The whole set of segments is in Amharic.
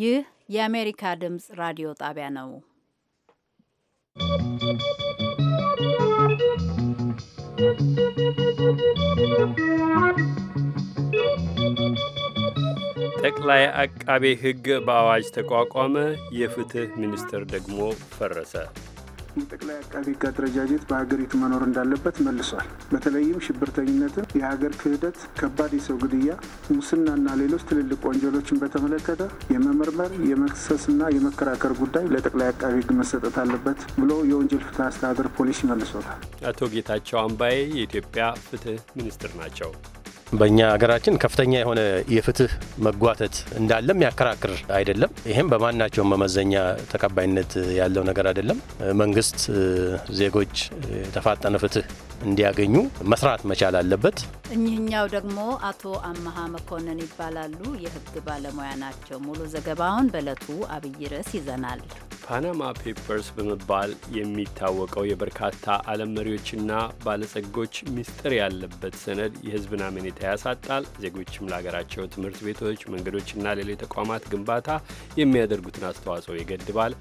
ይህ የአሜሪካ ድምፅ ራዲዮ ጣቢያ ነው። ጠቅላይ አቃቤ ሕግ በአዋጅ ተቋቋመ፣ የፍትህ ሚኒስቴር ደግሞ ፈረሰ። ጠቅላይ አቃቢ ሕግ አደረጃጀት በሀገሪቱ መኖር እንዳለበት መልሷል። በተለይም ሽብርተኝነትን፣ የሀገር ክህደት፣ ከባድ የሰው ግድያ፣ ሙስናና ሌሎች ትልልቅ ወንጀሎችን በተመለከተ የመመርመር የመክሰስና የመከራከር ጉዳይ ለጠቅላይ አቃቢ ህግ መሰጠት አለበት ብሎ የወንጀል ፍትህ አስተዳደር ፖሊሲ መልሶታል። አቶ ጌታቸው አምባዬ የኢትዮጵያ ፍትህ ሚኒስትር ናቸው። በእኛ ሀገራችን ከፍተኛ የሆነ የፍትህ መጓተት እንዳለ የሚያከራክር አይደለም። ይህም በማናቸውም መመዘኛ ተቀባይነት ያለው ነገር አይደለም። መንግስት ዜጎች የተፋጠነ ፍትህ እንዲያገኙ መስራት መቻል አለበት። እኚህኛው ደግሞ አቶ አመሀ መኮንን ይባላሉ። የህግ ባለሙያ ናቸው። ሙሉ ዘገባውን በለቱ አብይ ርዕስ ይዘናል። ፓናማ ፔፐርስ በመባል የሚታወቀው የበርካታ ዓለም መሪዎችና ባለጸጎች ሚስጥር ያለበት ሰነድ የህዝብን አመኔታ ያሳጣል፣ ዜጎችም ለሀገራቸው ትምህርት ቤቶች፣ መንገዶችና ሌሎች ተቋማት ግንባታ የሚያደርጉትን አስተዋጽኦ ይገድባል፣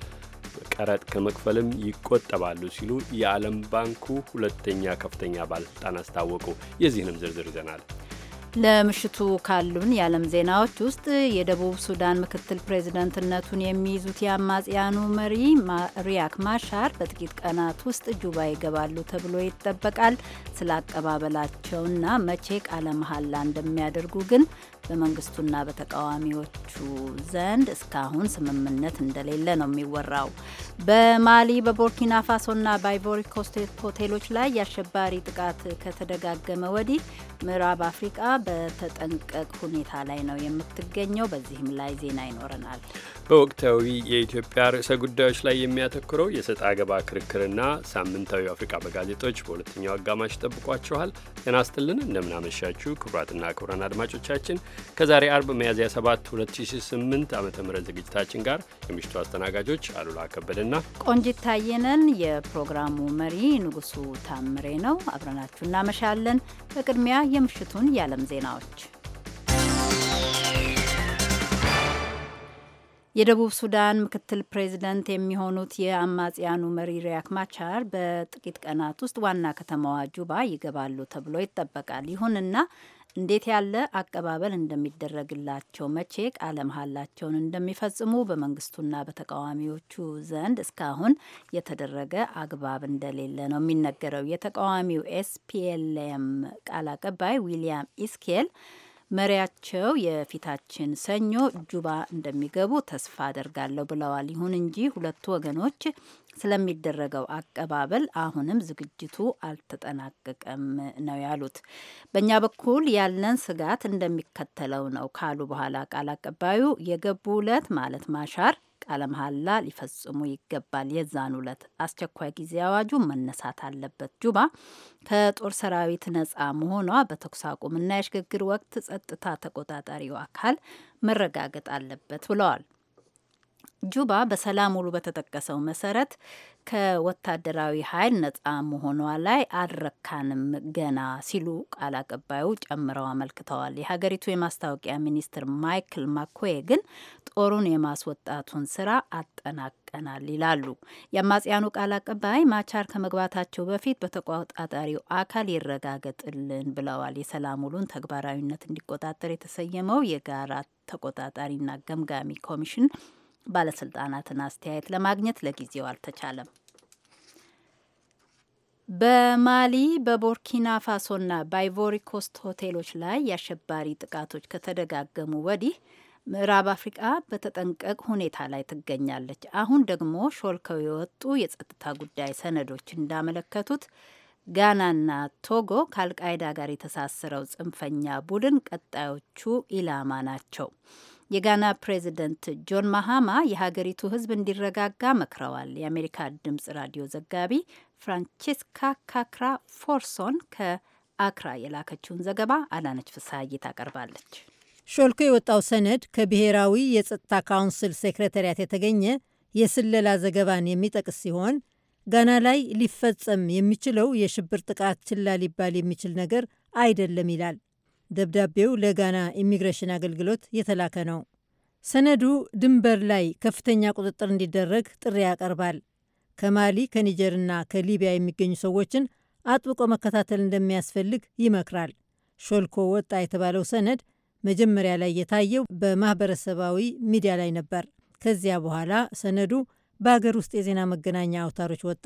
ቀረጥ ከመክፈልም ይቆጠባሉ ሲሉ የዓለም ባንኩ ሁለተኛ ከፍተኛ ባለስልጣን አስታወቁ። የዚህንም ዝርዝር ይዘናል። ለምሽቱ ካሉን የዓለም ዜናዎች ውስጥ የደቡብ ሱዳን ምክትል ፕሬዝደንትነቱን የሚይዙት የአማጽያኑ መሪ ሪያክ ማሻር በጥቂት ቀናት ውስጥ ጁባ ይገባሉ ተብሎ ይጠበቃል። ስለ አቀባበላቸውና መቼ ቃለ መሐላ እንደሚያደርጉ ግን በመንግስቱና በተቃዋሚዎቹ ዘንድ እስካሁን ስምምነት እንደሌለ ነው የሚወራው። በማሊ በቡርኪና ፋሶና በአይቮሪ ኮስት ሆቴሎች ላይ የአሸባሪ ጥቃት ከተደጋገመ ወዲህ ምዕራብ አፍሪቃ በተጠንቀቅ ሁኔታ ላይ ነው የምትገኘው። በዚህም ላይ ዜና ይኖረናል። በወቅታዊ የኢትዮጵያ ርዕሰ ጉዳዮች ላይ የሚያተኩረው የሰጥ አገባ ክርክርና ሳምንታዊ አፍሪቃ በጋዜጦች በሁለተኛው አጋማሽ ጠብቋችኋል። ጤና ይስጥልን፣ እንደምናመሻችሁ ክቡራትና ክቡራን አድማጮቻችን ከዛሬ አርብ ሚያዝያ 7 2008 ዓ ም ዝግጅታችን ጋር የምሽቱ አስተናጋጆች አሉላ ከበደና ቆንጂት ታየነን፣ የፕሮግራሙ መሪ ንጉሱ ታምሬ ነው። አብረናችሁ እናመሻለን። በቅድሚያ የምሽቱን የዓለም ዜናዎች የደቡብ ሱዳን ምክትል ፕሬዚደንት የሚሆኑት የአማጽያኑ መሪ ሪያክ ማቻር በጥቂት ቀናት ውስጥ ዋና ከተማዋ ጁባ ይገባሉ ተብሎ ይጠበቃል። ይሁንና እንዴት ያለ አቀባበል እንደሚደረግላቸው፣ መቼ ቃለ መሀላቸውን እንደሚፈጽሙ በመንግስቱና በተቃዋሚዎቹ ዘንድ እስካሁን የተደረገ አግባብ እንደሌለ ነው የሚነገረው። የተቃዋሚው ኤስፒኤልኤም ቃል አቀባይ ዊሊያም ኢስኬል መሪያቸው የፊታችን ሰኞ ጁባ እንደሚገቡ ተስፋ አደርጋለሁ ብለዋል። ይሁን እንጂ ሁለቱ ወገኖች ስለሚደረገው አቀባበል አሁንም ዝግጅቱ አልተጠናቀቀም ነው ያሉት። በእኛ በኩል ያለን ስጋት እንደሚከተለው ነው ካሉ በኋላ ቃል አቀባዩ የገቡ ዕለት ማለት ማሻር ቃለ መሐላ ሊፈጽሙ ይገባል። የዛን ዕለት አስቸኳይ ጊዜ አዋጁ መነሳት አለበት። ጁባ ከጦር ሰራዊት ነጻ መሆኗ በተኩስ አቁምና የሽግግር ወቅት ጸጥታ ተቆጣጣሪው አካል መረጋገጥ አለበት ብለዋል። ጁባ በሰላም ውሉ በተጠቀሰው መሰረት ከወታደራዊ ኃይል ነጻ መሆኗ ላይ አልረካንም ገና ሲሉ ቃል አቀባዩ ጨምረው አመልክተዋል። የሀገሪቱ የማስታወቂያ ሚኒስትር ማይክል ማኮዬ ግን ጦሩን የማስወጣቱን ስራ አጠናቀናል ይላሉ። የአማጽያኑ ቃል አቀባይ ማቻር ከመግባታቸው በፊት በተቆጣጣሪው አካል ይረጋገጥልን ብለዋል። የሰላም ውሉን ተግባራዊነት እንዲቆጣጠር የተሰየመው የጋራ ተቆጣጣሪና ገምጋሚ ኮሚሽን ባለስልጣናትን አስተያየት ለማግኘት ለጊዜው አልተቻለም። በማሊ በቦርኪና ፋሶና በአይቮሪ ሆቴሎች ላይ የአሸባሪ ጥቃቶች ከተደጋገሙ ወዲህ ምዕራብ አፍሪቃ በተጠንቀቅ ሁኔታ ላይ ትገኛለች። አሁን ደግሞ ሾልከው የወጡ የጸጥታ ጉዳይ ሰነዶች እንዳመለከቱት ጋናና ቶጎ ከአልቃይዳ ጋር የተሳሰረው ጽንፈኛ ቡድን ቀጣዮቹ ኢላማ ናቸው። የጋና ፕሬዚደንት ጆን ማሃማ የሀገሪቱ ሕዝብ እንዲረጋጋ መክረዋል። የአሜሪካ ድምጽ ራዲዮ ዘጋቢ ፍራንቼስካ ካክራ ፎርሶን ከአክራ የላከችውን ዘገባ አዳነች ፍስሀዬ ታቀርባለች። ሾልኮ የወጣው ሰነድ ከብሔራዊ የጸጥታ ካውንስል ሴክሬታሪያት የተገኘ የስለላ ዘገባን የሚጠቅስ ሲሆን ጋና ላይ ሊፈጸም የሚችለው የሽብር ጥቃት ችላ ሊባል የሚችል ነገር አይደለም ይላል። ደብዳቤው ለጋና ኢሚግሬሽን አገልግሎት የተላከ ነው። ሰነዱ ድንበር ላይ ከፍተኛ ቁጥጥር እንዲደረግ ጥሪ ያቀርባል። ከማሊ ከኒጀርና ከሊቢያ የሚገኙ ሰዎችን አጥብቆ መከታተል እንደሚያስፈልግ ይመክራል። ሾልኮ ወጣ የተባለው ሰነድ መጀመሪያ ላይ የታየው በማህበረሰባዊ ሚዲያ ላይ ነበር። ከዚያ በኋላ ሰነዱ በአገር ውስጥ የዜና መገናኛ አውታሮች ወጣ።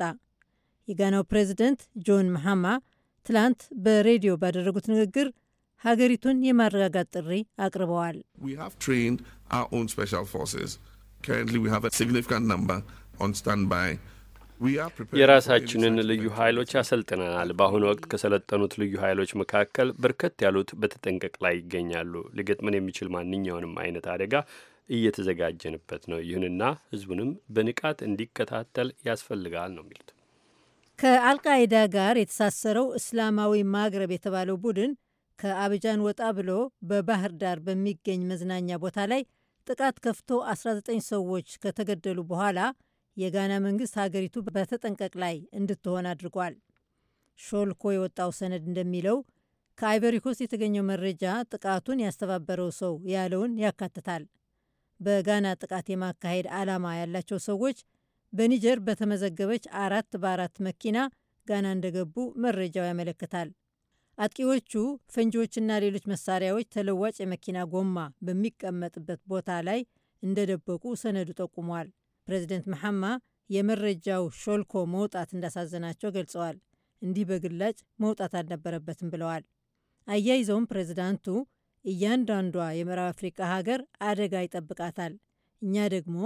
የጋናው ፕሬዚደንት ጆን መሐማ ትላንት በሬዲዮ ባደረጉት ንግግር ሀገሪቱን የማረጋጋት ጥሪ አቅርበዋል። የራሳችንን ልዩ ኃይሎች አሰልጥነናል። በአሁኑ ወቅት ከሰለጠኑት ልዩ ኃይሎች መካከል በርከት ያሉት በተጠንቀቅ ላይ ይገኛሉ። ሊገጥመን የሚችል ማንኛውንም አይነት አደጋ እየተዘጋጀንበት ነው። ይሁንና ሕዝቡንም በንቃት እንዲከታተል ያስፈልጋል ነው የሚሉት። ከአልቃይዳ ጋር የተሳሰረው እስላማዊ ማግረብ የተባለው ቡድን ከአብጃን ወጣ ብሎ በባህር ዳር በሚገኝ መዝናኛ ቦታ ላይ ጥቃት ከፍቶ 19 ሰዎች ከተገደሉ በኋላ የጋና መንግስት ሀገሪቱ በተጠንቀቅ ላይ እንድትሆን አድርጓል። ሾልኮ የወጣው ሰነድ እንደሚለው ከአይቨሪኮስ የተገኘው መረጃ ጥቃቱን ያስተባበረው ሰው ያለውን ያካትታል። በጋና ጥቃት የማካሄድ ዓላማ ያላቸው ሰዎች በኒጀር በተመዘገበች አራት በአራት መኪና ጋና እንደገቡ መረጃው ያመለክታል። አጥቂዎቹ ፈንጂዎችና ሌሎች መሳሪያዎች ተለዋጭ የመኪና ጎማ በሚቀመጥበት ቦታ ላይ እንደደበቁ ሰነዱ ጠቁሟል። ፕሬዚደንት መሐማ የመረጃው ሾልኮ መውጣት እንዳሳዘናቸው ገልጸዋል። እንዲህ በግላጭ መውጣት አልነበረበትም ብለዋል። አያይዘውም ፕሬዚዳንቱ እያንዳንዷ የምዕራብ አፍሪካ ሀገር አደጋ ይጠብቃታል፣ እኛ ደግሞ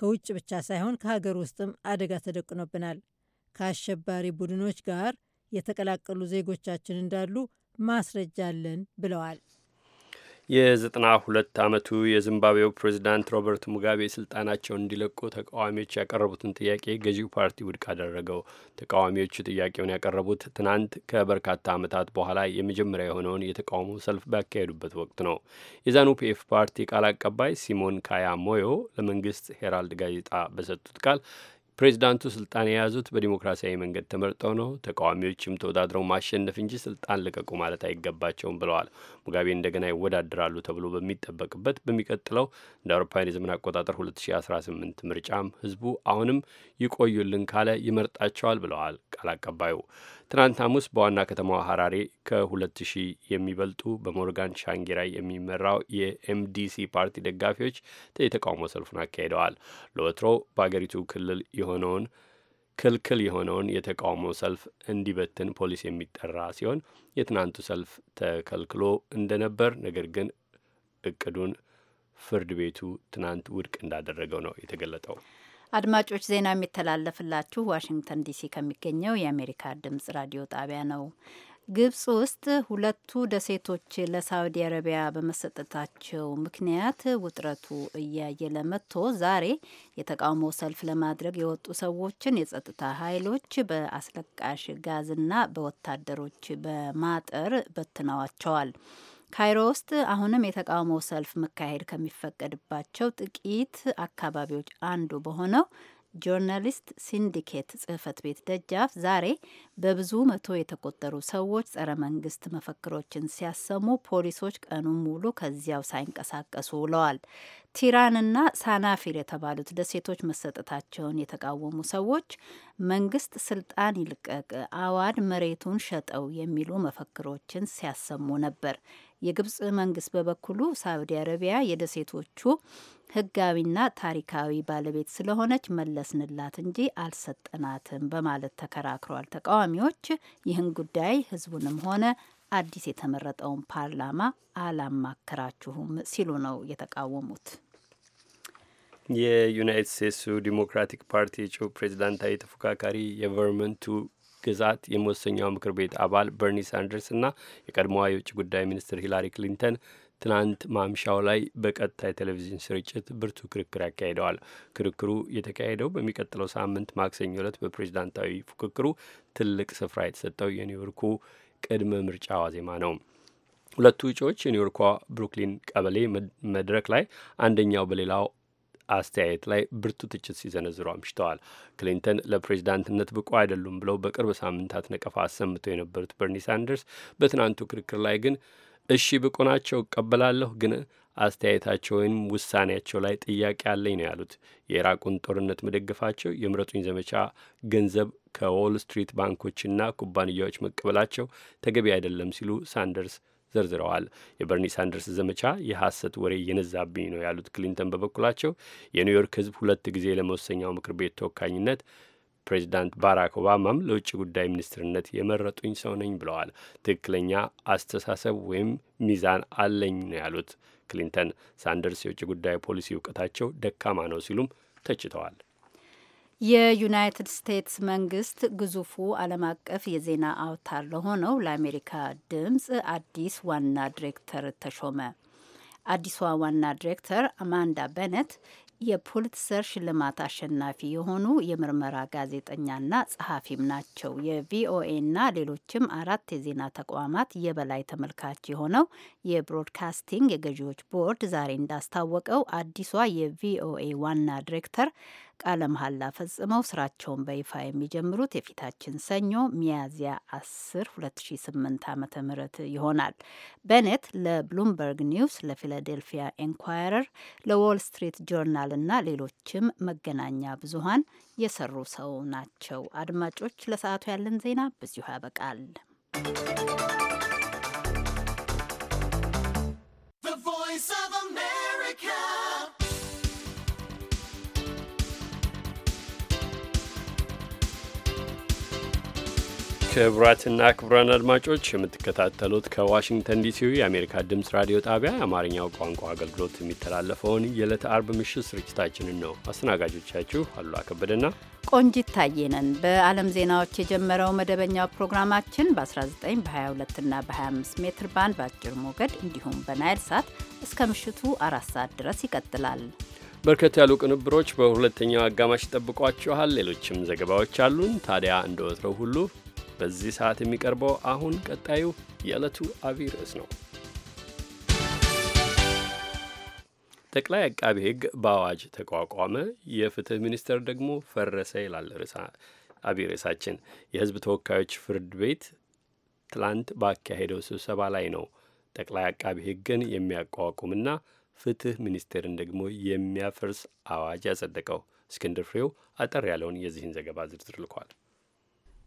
ከውጭ ብቻ ሳይሆን ከሀገር ውስጥም አደጋ ተደቅኖብናል ከአሸባሪ ቡድኖች ጋር የተቀላቀሉ ዜጎቻችን እንዳሉ ማስረጃ አለን ብለዋል። የዘጠና ሁለት ዓመቱ የዚምባብዌው ፕሬዚዳንት ሮበርት ሙጋቤ ስልጣናቸውን እንዲለቁ ተቃዋሚዎች ያቀረቡትን ጥያቄ ገዢው ፓርቲ ውድቅ አደረገው። ተቃዋሚዎቹ ጥያቄውን ያቀረቡት ትናንት ከበርካታ ዓመታት በኋላ የመጀመሪያ የሆነውን የተቃውሞ ሰልፍ ባካሄዱበት ወቅት ነው። የዛኑ ፒኤፍ ፓርቲ ቃል አቀባይ ሲሞን ካያ ሞዮ ለመንግስት ሄራልድ ጋዜጣ በሰጡት ቃል ፕሬዚዳንቱ ስልጣን የያዙት በዲሞክራሲያዊ መንገድ ተመርጠው ነው። ተቃዋሚዎችም ተወዳድረው ማሸነፍ እንጂ ስልጣን ልቀቁ ማለት አይገባቸውም ብለዋል። ሙጋቤ እንደገና ይወዳደራሉ ተብሎ በሚጠበቅበት በሚቀጥለው እንደ አውሮፓውያን የዘመን አቆጣጠር 2018 ምርጫም ህዝቡ አሁንም ይቆዩልን ካለ ይመርጣቸዋል ብለዋል ቃል አቀባዩ። ትናንት ሐሙስ በዋና ከተማዋ ሀራሬ ከ2000 የሚበልጡ በሞርጋን ሻንጌራይ የሚመራው የኤምዲሲ ፓርቲ ደጋፊዎች የተቃውሞ ሰልፉን አካሂደዋል። ለወትሮ በአገሪቱ ክልል የሆነውን ክልክል የሆነውን የተቃውሞ ሰልፍ እንዲበትን ፖሊስ የሚጠራ ሲሆን የትናንቱ ሰልፍ ተከልክሎ እንደነበር ነገር ግን እቅዱን ፍርድ ቤቱ ትናንት ውድቅ እንዳደረገው ነው የተገለጠው። አድማጮች ዜና የሚተላለፍላችሁ ዋሽንግተን ዲሲ ከሚገኘው የአሜሪካ ድምጽ ራዲዮ ጣቢያ ነው። ግብጽ ውስጥ ሁለቱ ደሴቶች ለሳውዲ አረቢያ በመሰጠታቸው ምክንያት ውጥረቱ እያየለ መጥቶ ዛሬ የተቃውሞ ሰልፍ ለማድረግ የወጡ ሰዎችን የጸጥታ ኃይሎች በአስለቃሽ ጋዝና በወታደሮች በማጠር በትነዋቸዋል። ካይሮ ውስጥ አሁንም የተቃውሞ ሰልፍ መካሄድ ከሚፈቀድባቸው ጥቂት አካባቢዎች አንዱ በሆነው ጆርናሊስት ሲንዲኬት ጽህፈት ቤት ደጃፍ ዛሬ በብዙ መቶ የተቆጠሩ ሰዎች ጸረ መንግስት መፈክሮችን ሲያሰሙ ፖሊሶች ቀኑን ሙሉ ከዚያው ሳይንቀሳቀሱ ውለዋል። ቲራንና ሳናፊር የተባሉት ደሴቶች መሰጠታቸውን የተቃወሙ ሰዎች መንግስት ስልጣን ይልቀቅ፣ አዋድ መሬቱን ሸጠው የሚሉ መፈክሮችን ሲያሰሙ ነበር። የግብጽ መንግስት በበኩሉ ሳዑዲ አረቢያ የደሴቶቹ ህጋዊና ታሪካዊ ባለቤት ስለሆነች መለስንላት እንጂ አልሰጠናትም በማለት ተከራክሯል። ተቃዋሚዎች ይህን ጉዳይ ህዝቡንም ሆነ አዲስ የተመረጠውን ፓርላማ አላማከራችሁም ሲሉ ነው የተቃወሙት። የዩናይትድ ስቴትሱ ዲሞክራቲክ ፓርቲ እጩ ፕሬዚዳንታዊ ተፎካካሪ የቨርመንቱ ግዛት የመወሰኛው ምክር ቤት አባል በርኒ ሳንደርስ እና የቀድሞዋ የውጭ ጉዳይ ሚኒስትር ሂላሪ ክሊንተን ትናንት ማምሻው ላይ በቀጥታ የቴሌቪዥን ስርጭት ብርቱ ክርክር ያካሂደዋል። ክርክሩ የተካሄደው በሚቀጥለው ሳምንት ማክሰኞ ዕለት በፕሬዝዳንታዊ ፉክክሩ ትልቅ ስፍራ የተሰጠው የኒውዮርኩ ቅድመ ምርጫ ዋዜማ ነው። ሁለቱ እጩዎች የኒውዮርኳ ብሩክሊን ቀበሌ መድረክ ላይ አንደኛው በሌላው አስተያየት ላይ ብርቱ ትችት ሲዘነዝሩ አምሽተዋል። ክሊንተን ለፕሬዚዳንትነት ብቁ አይደሉም ብለው በቅርብ ሳምንታት ነቀፋ አሰምተው የነበሩት በርኒ ሳንደርስ በትናንቱ ክርክር ላይ ግን እሺ ብቁ ናቸው፣ እቀበላለሁ ግን አስተያየታቸው ወይም ውሳኔያቸው ላይ ጥያቄ አለኝ ነው ያሉት። የኢራቁን ጦርነት መደገፋቸው፣ የምረጡኝ ዘመቻ ገንዘብ ከዎል ስትሪት ባንኮችና ኩባንያዎች መቀበላቸው ተገቢ አይደለም ሲሉ ሳንደርስ ዘርዝረዋል። የበርኒ ሳንደርስ ዘመቻ የሐሰት ወሬ የነዛብኝ ነው ያሉት ክሊንተን በበኩላቸው የኒውዮርክ ሕዝብ ሁለት ጊዜ ለመወሰኛው ምክር ቤት ተወካይነት ፕሬዚዳንት ባራክ ኦባማም ለውጭ ጉዳይ ሚኒስትርነት የመረጡኝ ሰው ነኝ ብለዋል። ትክክለኛ አስተሳሰብ ወይም ሚዛን አለኝ ነው ያሉት ክሊንተን። ሳንደርስ የውጭ ጉዳይ ፖሊሲ እውቀታቸው ደካማ ነው ሲሉም ተችተዋል። የዩናይትድ ስቴትስ መንግስት ግዙፉ ዓለም አቀፍ የዜና አውታር ለሆነው ለአሜሪካ ድምፅ አዲስ ዋና ዲሬክተር ተሾመ። አዲሷ ዋና ዲሬክተር አማንዳ በነት የፑልትሰር ሽልማት አሸናፊ የሆኑ የምርመራ ጋዜጠኛና ጸሐፊም ናቸው። የቪኦኤና ሌሎችም አራት የዜና ተቋማት የበላይ ተመልካች የሆነው የብሮድካስቲንግ የገዢዎች ቦርድ ዛሬ እንዳስታወቀው አዲሷ የቪኦኤ ዋና ዲሬክተር ቃለ መሐላ ፈጽመው ስራቸውን በይፋ የሚጀምሩት የፊታችን ሰኞ ሚያዝያ 10 2008 ዓ ም ይሆናል። በኔት ለብሉምበርግ ኒውስ፣ ለፊላዴልፊያ ኤንኳይረር፣ ለዎል ስትሪት ጆርናል እና ሌሎችም መገናኛ ብዙሀን የሰሩ ሰው ናቸው። አድማጮች፣ ለሰዓቱ ያለን ዜና በዚሁ ያበቃል። ክቡራትና ክቡራን አድማጮች የምትከታተሉት ከዋሽንግተን ዲሲው የአሜሪካ ድምፅ ራዲዮ ጣቢያ የአማርኛው ቋንቋ አገልግሎት የሚተላለፈውን የዕለተ አርብ ምሽት ስርጭታችንን ነው። አስተናጋጆቻችሁ አሉ አከበደና ቆንጂት ታየነን። በዓለም ዜናዎች የጀመረው መደበኛው ፕሮግራማችን በ19 በ22ና በ25 ሜትር ባንድ በአጭር ሞገድ እንዲሁም በናይል ሳት እስከ ምሽቱ አራት ሰዓት ድረስ ይቀጥላል። በርከት ያሉ ቅንብሮች በሁለተኛው አጋማሽ ይጠብቋችኋል። ሌሎችም ዘገባዎች አሉን። ታዲያ እንደ ወትረው ሁሉ በዚህ ሰዓት የሚቀርበው። አሁን ቀጣዩ የዕለቱ አብይ ርዕስ ነው። ጠቅላይ አቃቤ ሕግ በአዋጅ ተቋቋመ፣ የፍትህ ሚኒስቴር ደግሞ ፈረሰ ይላል አብይ ርዕሳችን። የህዝብ ተወካዮች ፍርድ ቤት ትላንት ባካሄደው ስብሰባ ላይ ነው ጠቅላይ አቃቤ ሕግን የሚያቋቁምና ፍትህ ሚኒስቴርን ደግሞ የሚያፈርስ አዋጅ ያጸደቀው። እስክንድር ፍሬው አጠር ያለውን የዚህን ዘገባ ዝርዝር ልኳል።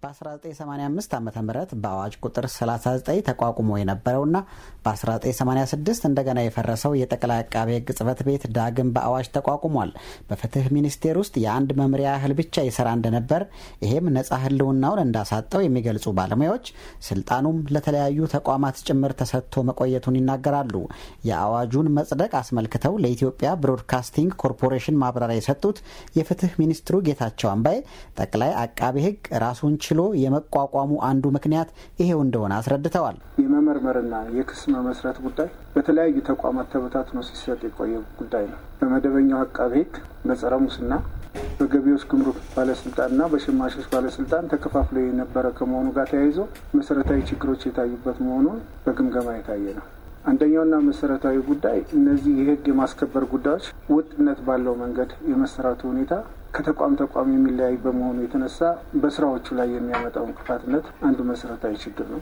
በ1985 ዓ ም በአዋጅ ቁጥር 39 ተቋቁሞ የነበረውና በ1986 እንደገና የፈረሰው የጠቅላይ አቃቤ ሕግ ጽህፈት ቤት ዳግም በአዋጅ ተቋቁሟል። በፍትህ ሚኒስቴር ውስጥ የአንድ መምሪያ ያህል ብቻ ይሰራ እንደነበር፣ ይሄም ነጻ ህልውናውን እንዳሳጠው የሚገልጹ ባለሙያዎች ስልጣኑም ለተለያዩ ተቋማት ጭምር ተሰጥቶ መቆየቱን ይናገራሉ። የአዋጁን መጽደቅ አስመልክተው ለኢትዮጵያ ብሮድካስቲንግ ኮርፖሬሽን ማብራሪያ የሰጡት የፍትህ ሚኒስትሩ ጌታቸው አምባዬ ጠቅላይ አቃቤ ሕግ ራሱን ችሎ የመቋቋሙ አንዱ ምክንያት ይሄው እንደሆነ አስረድተዋል። የመመርመርና የክስ መመስረት ጉዳይ በተለያዩ ተቋማት ተበታትኖ ሲሰጥ የቆየ ጉዳይ ነው። በመደበኛው አቃቤ ሕግ፣ በጸረ ሙስና፣ በገቢዎች ጉምሩክ ባለስልጣንና በሸማቾች ባለስልጣን ተከፋፍሎ የነበረ ከመሆኑ ጋር ተያይዞ መሰረታዊ ችግሮች የታዩበት መሆኑን በግምገማ የታየ ነው። አንደኛውና መሰረታዊ ጉዳይ እነዚህ የህግ የማስከበር ጉዳዮች ወጥነት ባለው መንገድ የመሰራቱ ሁኔታ ከተቋም ተቋም የሚለያይ በመሆኑ የተነሳ በስራዎቹ ላይ የሚያመጣው እንቅፋትነት አንዱ መሰረታዊ ችግር ነው።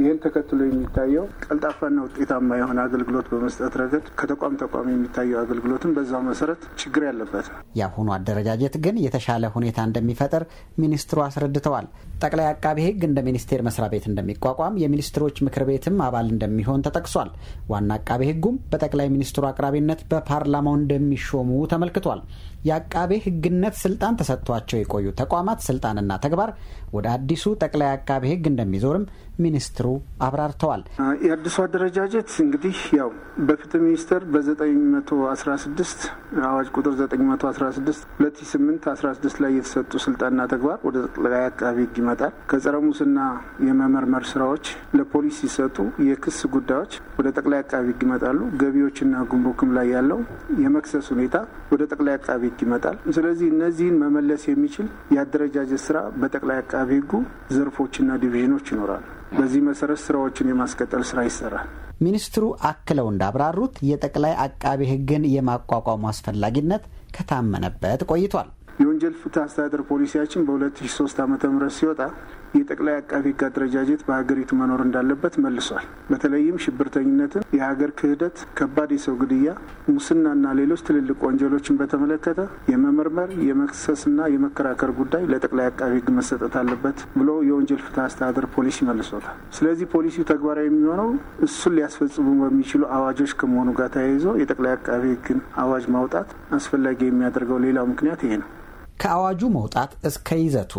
ይህን ተከትሎ የሚታየው ቀልጣፋና ውጤታማ የሆነ አገልግሎት በመስጠት ረገድ ከተቋም ተቋም የሚታየው አገልግሎትም በዛው መሰረት ችግር ያለበት ነው። የአሁኑ አደረጃጀት ግን የተሻለ ሁኔታ እንደሚፈጠር ሚኒስትሩ አስረድተዋል። ጠቅላይ አቃቤ ሕግ እንደ ሚኒስቴር መስሪያ ቤት እንደሚቋቋም የሚኒስትሮች ምክር ቤትም አባል እንደሚሆን ተጠቅሷል። ዋና አቃቤ ሕጉም በጠቅላይ ሚኒስትሩ አቅራቢነት በፓርላማው እንደሚሾሙ ተመልክቷል። የአቃቤ ሕግነት ስልጣን ተሰጥቷቸው የቆዩ ተቋማት ስልጣንና ተግባር ወደ አዲሱ ጠቅላይ አቃቤ ሕግ እንደሚዞርም ሚኒስትሩ አብራርተዋል። የአዲሱ አደረጃጀት እንግዲህ ያው በፍትህ ሚኒስቴር በ916 አዋጅ ቁጥር 916 2008 16 ላይ የተሰጡ ስልጠና ተግባር ወደ ጠቅላይ አቃቢ ሕግ ይመጣል። ከጸረ ሙስና የመመርመር ስራዎች ለፖሊስ ሲሰጡ የክስ ጉዳዮች ወደ ጠቅላይ አቃቢ ሕግ ይመጣሉ። ገቢዎችና ጉምሩክም ላይ ያለው የመክሰስ ሁኔታ ወደ ጠቅላይ አቃቢ ሕግ ይመጣል። ስለዚህ እነዚህን መመለስ የሚችል የአደረጃጀት ስራ በጠቅላይ አቃቢ ህጉ ዘርፎችና ዲቪዥኖች ይኖራሉ። በዚህ መሰረት ስራዎችን የማስቀጠል ስራ ይሰራል። ሚኒስትሩ አክለው እንዳብራሩት የጠቅላይ አቃቤ ሕግን የማቋቋሙ አስፈላጊነት ከታመነበት ቆይቷል። የወንጀል ፍትህ አስተዳደር ፖሊሲያችን በ2003 ዓ ም ሲወጣ የጠቅላይ አቃቢ ህግ አደረጃጀት በሀገሪቱ መኖር እንዳለበት መልሷል። በተለይም ሽብርተኝነትን፣ የሀገር ክህደት፣ ከባድ የሰው ግድያ፣ ሙስናና ሌሎች ትልልቅ ወንጀሎችን በተመለከተ የመመርመር የመክሰስና የመከራከር ጉዳይ ለጠቅላይ አቃቢ ህግ መሰጠት አለበት ብሎ የወንጀል ፍትህ አስተዳደር ፖሊሲ መልሶታል። ስለዚህ ፖሊሲው ተግባራዊ የሚሆነው እሱን ሊያስፈጽሙ በሚችሉ አዋጆች ከመሆኑ ጋር ተያይዞ የጠቅላይ አቃቢ ህግን አዋጅ ማውጣት አስፈላጊ የሚያደርገው ሌላው ምክንያት ይሄ ነው። ከአዋጁ መውጣት እስከ ይዘቱ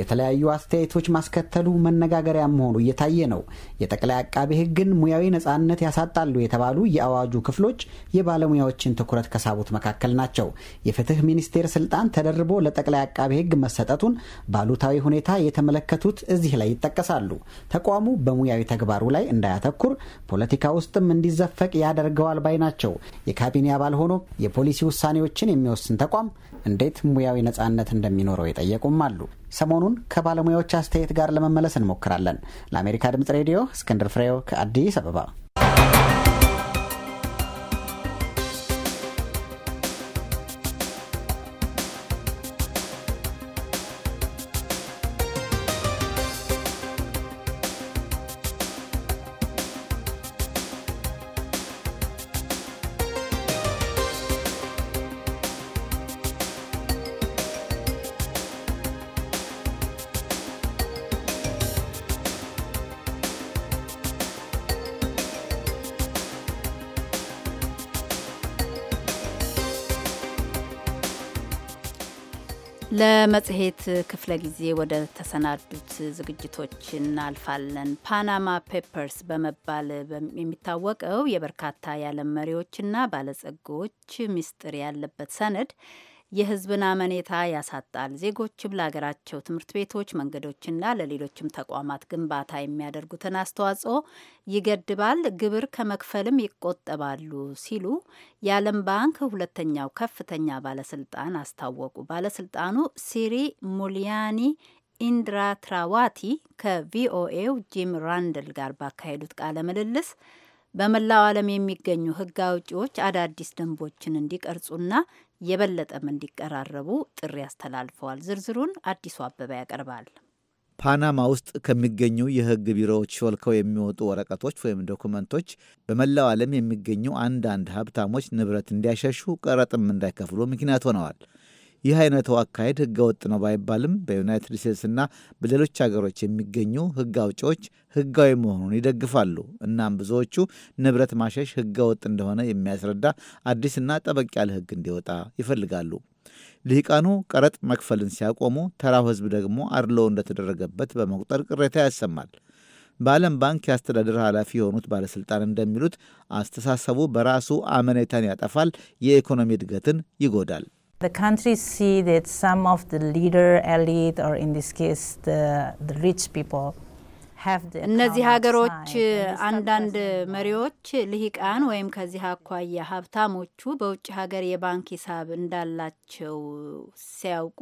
የተለያዩ አስተያየቶች ማስከተሉ መነጋገሪያ መሆኑ እየታየ ነው። የጠቅላይ አቃቤ ሕግን ሙያዊ ነጻነት ያሳጣሉ የተባሉ የአዋጁ ክፍሎች የባለሙያዎችን ትኩረት ከሳቡት መካከል ናቸው። የፍትህ ሚኒስቴር ስልጣን ተደርቦ ለጠቅላይ አቃቤ ሕግ መሰጠቱን ባሉታዊ ሁኔታ የተመለከቱት እዚህ ላይ ይጠቀሳሉ። ተቋሙ በሙያዊ ተግባሩ ላይ እንዳያተኩር ፖለቲካ ውስጥም እንዲዘፈቅ ያደርገዋል ባይ ናቸው። የካቢኔ አባል ሆኖ የፖሊሲ ውሳኔዎችን የሚወስን ተቋም እንዴት ሙያዊ ነጻነት እንደሚኖረው የጠየቁም አሉ። ሰሞኑን ከባለሙያዎች አስተያየት ጋር ለመመለስ እንሞክራለን። ለአሜሪካ ድምጽ ሬዲዮ እስክንድር ፍሬው ከአዲስ አበባ በመጽሔት ክፍለ ጊዜ ወደ ተሰናዱት ዝግጅቶች እናልፋለን። ፓናማ ፔፐርስ በመባል የሚታወቀው የበርካታ የዓለም መሪዎችና ባለጸጎች ሚስጥር ያለበት ሰነድ የህዝብን አመኔታ ያሳጣል። ዜጎችም ለሀገራቸው ትምህርት ቤቶች፣ መንገዶችና ለሌሎችም ተቋማት ግንባታ የሚያደርጉትን አስተዋጽኦ ይገድባል፣ ግብር ከመክፈልም ይቆጠባሉ ሲሉ የዓለም ባንክ ሁለተኛው ከፍተኛ ባለስልጣን አስታወቁ። ባለስልጣኑ ሲሪ ሙሊያኒ ኢንድራ ትራዋቲ ከቪኦኤው ጂም ራንድል ጋር ባካሄዱት ቃለ ምልልስ በመላው ዓለም የሚገኙ ህግ አውጪዎች አዳዲስ ደንቦችን እንዲቀርጹና የበለጠም እንዲቀራረቡ ጥሪ አስተላልፈዋል። ዝርዝሩን አዲሱ አበባ ያቀርባል። ፓናማ ውስጥ ከሚገኙ የሕግ ቢሮዎች ሾልከው የሚወጡ ወረቀቶች ወይም ዶኩመንቶች በመላው ዓለም የሚገኙ አንዳንድ ሀብታሞች ንብረት እንዲያሸሹ ቀረጥም እንዳይከፍሉ ምክንያት ሆነዋል። ይህ አይነቱ አካሄድ ህገ ወጥ ነው ባይባልም በዩናይትድ ስቴትስና በሌሎች ሀገሮች የሚገኙ ህግ አውጪዎች ህጋዊ መሆኑን ይደግፋሉ። እናም ብዙዎቹ ንብረት ማሸሽ ህገ ወጥ እንደሆነ የሚያስረዳ አዲስና ጠበቅ ያለ ህግ እንዲወጣ ይፈልጋሉ። ልሂቃኑ ቀረጥ መክፈልን ሲያቆሙ፣ ተራው ህዝብ ደግሞ አድሎ እንደተደረገበት በመቁጠር ቅሬታ ያሰማል። በዓለም ባንክ የአስተዳደር ኃላፊ የሆኑት ባለሥልጣን እንደሚሉት አስተሳሰቡ በራሱ አመኔታን ያጠፋል፣ የኢኮኖሚ እድገትን ይጎዳል። The country see that some of the leader elite, or in this case the, the rich people, እነዚህ ሀገሮች አንዳንድ መሪዎች ልሂቃን ወይም ከዚህ አኳያ ሀብታሞቹ በውጭ ሀገር የባንክ ሂሳብ እንዳላቸው ሲያውቁ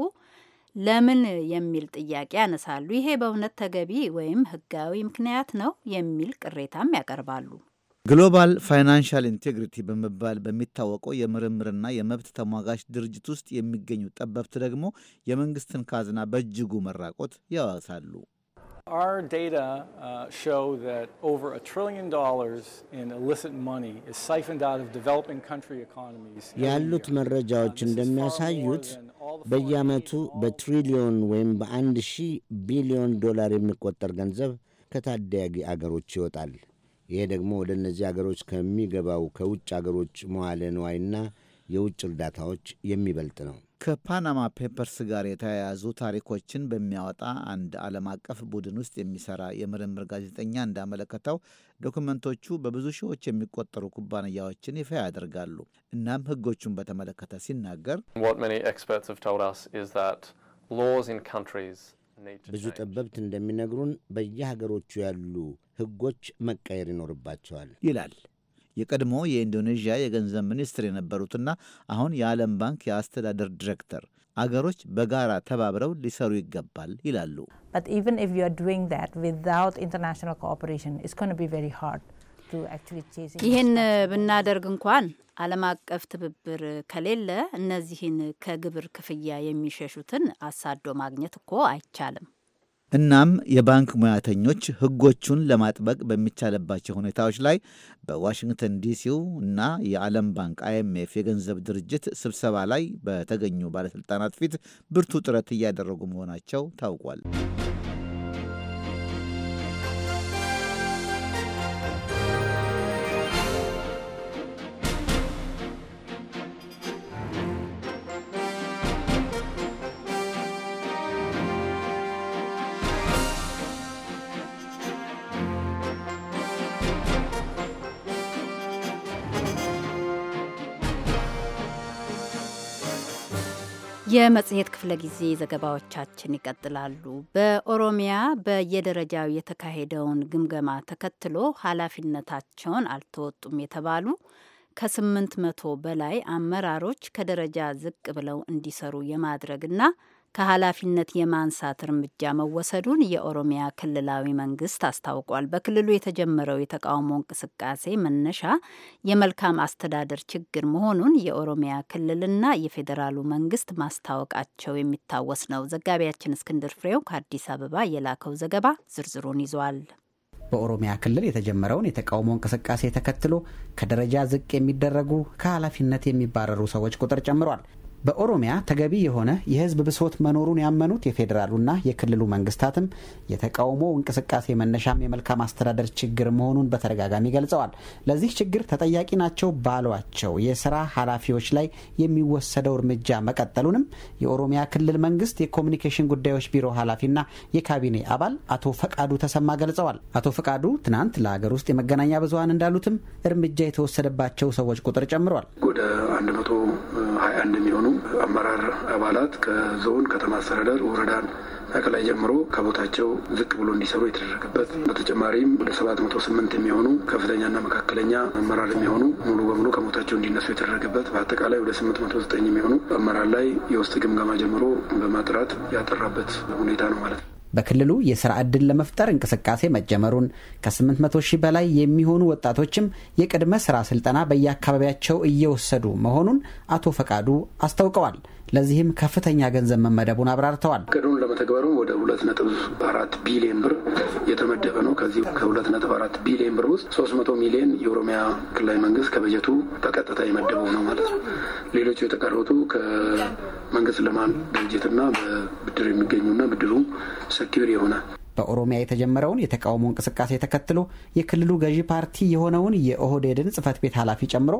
ለምን የሚል ጥያቄ ያነሳሉ። ይሄ በእውነት ተገቢ ወይም ሕጋዊ ምክንያት ነው የሚል ቅሬታም ያቀርባሉ። ግሎባል ፋይናንሻል ኢንቴግሪቲ በመባል በሚታወቀው የምርምርና የመብት ተሟጋች ድርጅት ውስጥ የሚገኙ ጠበብት ደግሞ የመንግስትን ካዝና በእጅጉ መራቆት ያዋሳሉ። uh, ያሉት መረጃዎች እንደሚያሳዩት በየዓመቱ በትሪሊዮን ወይም በአንድ ሺህ ቢሊዮን ዶላር የሚቆጠር ገንዘብ ከታዳጊ አገሮች ይወጣል። ይሄ ደግሞ ወደ እነዚህ አገሮች ከሚገባው ከውጭ አገሮች መዋለ ንዋይና የውጭ እርዳታዎች የሚበልጥ ነው። ከፓናማ ፔፐርስ ጋር የተያያዙ ታሪኮችን በሚያወጣ አንድ ዓለም አቀፍ ቡድን ውስጥ የሚሰራ የምርምር ጋዜጠኛ እንዳመለከተው ዶክመንቶቹ በብዙ ሺዎች የሚቆጠሩ ኩባንያዎችን ይፋ ያደርጋሉ። እናም ሕጎቹን በተመለከተ ሲናገር ብዙ ጠበብት እንደሚነግሩን በየሀገሮቹ ያሉ ሕጎች መቀየር ይኖርባቸዋል ይላል። የቀድሞ የኢንዶኔዥያ የገንዘብ ሚኒስትር የነበሩትና አሁን የዓለም ባንክ የአስተዳደር ዲሬክተር አገሮች በጋራ ተባብረው ሊሰሩ ይገባል ይላሉ። ይህን ብናደርግ እንኳን ዓለም አቀፍ ትብብር ከሌለ እነዚህን ከግብር ክፍያ የሚሸሹትን አሳዶ ማግኘት እኮ አይቻልም። እናም የባንክ ሙያተኞች ሕጎቹን ለማጥበቅ በሚቻልባቸው ሁኔታዎች ላይ በዋሽንግተን ዲሲው እና የዓለም ባንክ አይኤምኤፍ የገንዘብ ድርጅት ስብሰባ ላይ በተገኙ ባለሥልጣናት ፊት ብርቱ ጥረት እያደረጉ መሆናቸው ታውቋል። የመጽሔት ክፍለ ጊዜ ዘገባዎቻችን ይቀጥላሉ። በኦሮሚያ በየደረጃው የተካሄደውን ግምገማ ተከትሎ ኃላፊነታቸውን አልተወጡም የተባሉ ከስምንት መቶ በላይ አመራሮች ከደረጃ ዝቅ ብለው እንዲሰሩ የማድረግና ከኃላፊነት የማንሳት እርምጃ መወሰዱን የኦሮሚያ ክልላዊ መንግስት አስታውቋል። በክልሉ የተጀመረው የተቃውሞ እንቅስቃሴ መነሻ የመልካም አስተዳደር ችግር መሆኑን የኦሮሚያ ክልልና የፌዴራሉ መንግስት ማስታወቃቸው የሚታወስ ነው። ዘጋቢያችን እስክንድር ፍሬው ከአዲስ አበባ የላከው ዘገባ ዝርዝሩን ይዟል። በኦሮሚያ ክልል የተጀመረውን የተቃውሞ እንቅስቃሴ ተከትሎ ከደረጃ ዝቅ የሚደረጉ ከኃላፊነት የሚባረሩ ሰዎች ቁጥር ጨምሯል። በኦሮሚያ ተገቢ የሆነ የህዝብ ብሶት መኖሩን ያመኑት የፌዴራሉና የክልሉ መንግስታትም የተቃውሞ እንቅስቃሴ መነሻም የመልካም አስተዳደር ችግር መሆኑን በተደጋጋሚ ገልጸዋል። ለዚህ ችግር ተጠያቂ ናቸው ባሏቸው የስራ ኃላፊዎች ላይ የሚወሰደው እርምጃ መቀጠሉንም የኦሮሚያ ክልል መንግስት የኮሚኒኬሽን ጉዳዮች ቢሮ ኃላፊና የካቢኔ አባል አቶ ፈቃዱ ተሰማ ገልጸዋል። አቶ ፈቃዱ ትናንት ለሀገር ውስጥ የመገናኛ ብዙሀን እንዳሉትም እርምጃ የተወሰደባቸው ሰዎች ቁጥር ጨምሯል። ወደ አንድ የሚሆኑ አመራር አባላት ከዞን ከተማ አስተዳደር ወረዳን ከላይ ጀምሮ ከቦታቸው ዝቅ ብሎ እንዲሰሩ የተደረገበት በተጨማሪም ወደ ሰባት መቶ ስምንት የሚሆኑ ከፍተኛና መካከለኛ አመራር የሚሆኑ ሙሉ በሙሉ ከቦታቸው እንዲነሱ የተደረገበት በአጠቃላይ ወደ ስምንት መቶ ዘጠኝ የሚሆኑ አመራር ላይ የውስጥ ግምገማ ጀምሮ በማጥራት ያጠራበት ሁኔታ ነው ማለት ነው። በክልሉ የስራ ዕድል ለመፍጠር እንቅስቃሴ መጀመሩን ከ800 ሺህ በላይ የሚሆኑ ወጣቶችም የቅድመ ስራ ስልጠና በየአካባቢያቸው እየወሰዱ መሆኑን አቶ ፈቃዱ አስታውቀዋል። ለዚህም ከፍተኛ ገንዘብ መመደቡን አብራርተዋል። እቅዱን ለመተግበሩ ወደ ሁለት ነጥብ አራት ቢሊዮን ብር የተመደበ ነው። ከዚህ ከሁለት ነጥብ አራት ቢሊዮን ብር ውስጥ ሶስት መቶ ሚሊዮን የኦሮሚያ ክልላዊ መንግስት ከበጀቱ በቀጥታ የመደበው ነው ማለት ነው። ሌሎቹ የተቀረቱ ከመንግስት ልማት ድርጅትና በብድር የሚገኙና ብድሩ ሰኪር የሆነ በኦሮሚያ የተጀመረውን የተቃውሞ እንቅስቃሴ ተከትሎ የክልሉ ገዢ ፓርቲ የሆነውን የኦህዴድን ጽህፈት ቤት ኃላፊ ጨምሮ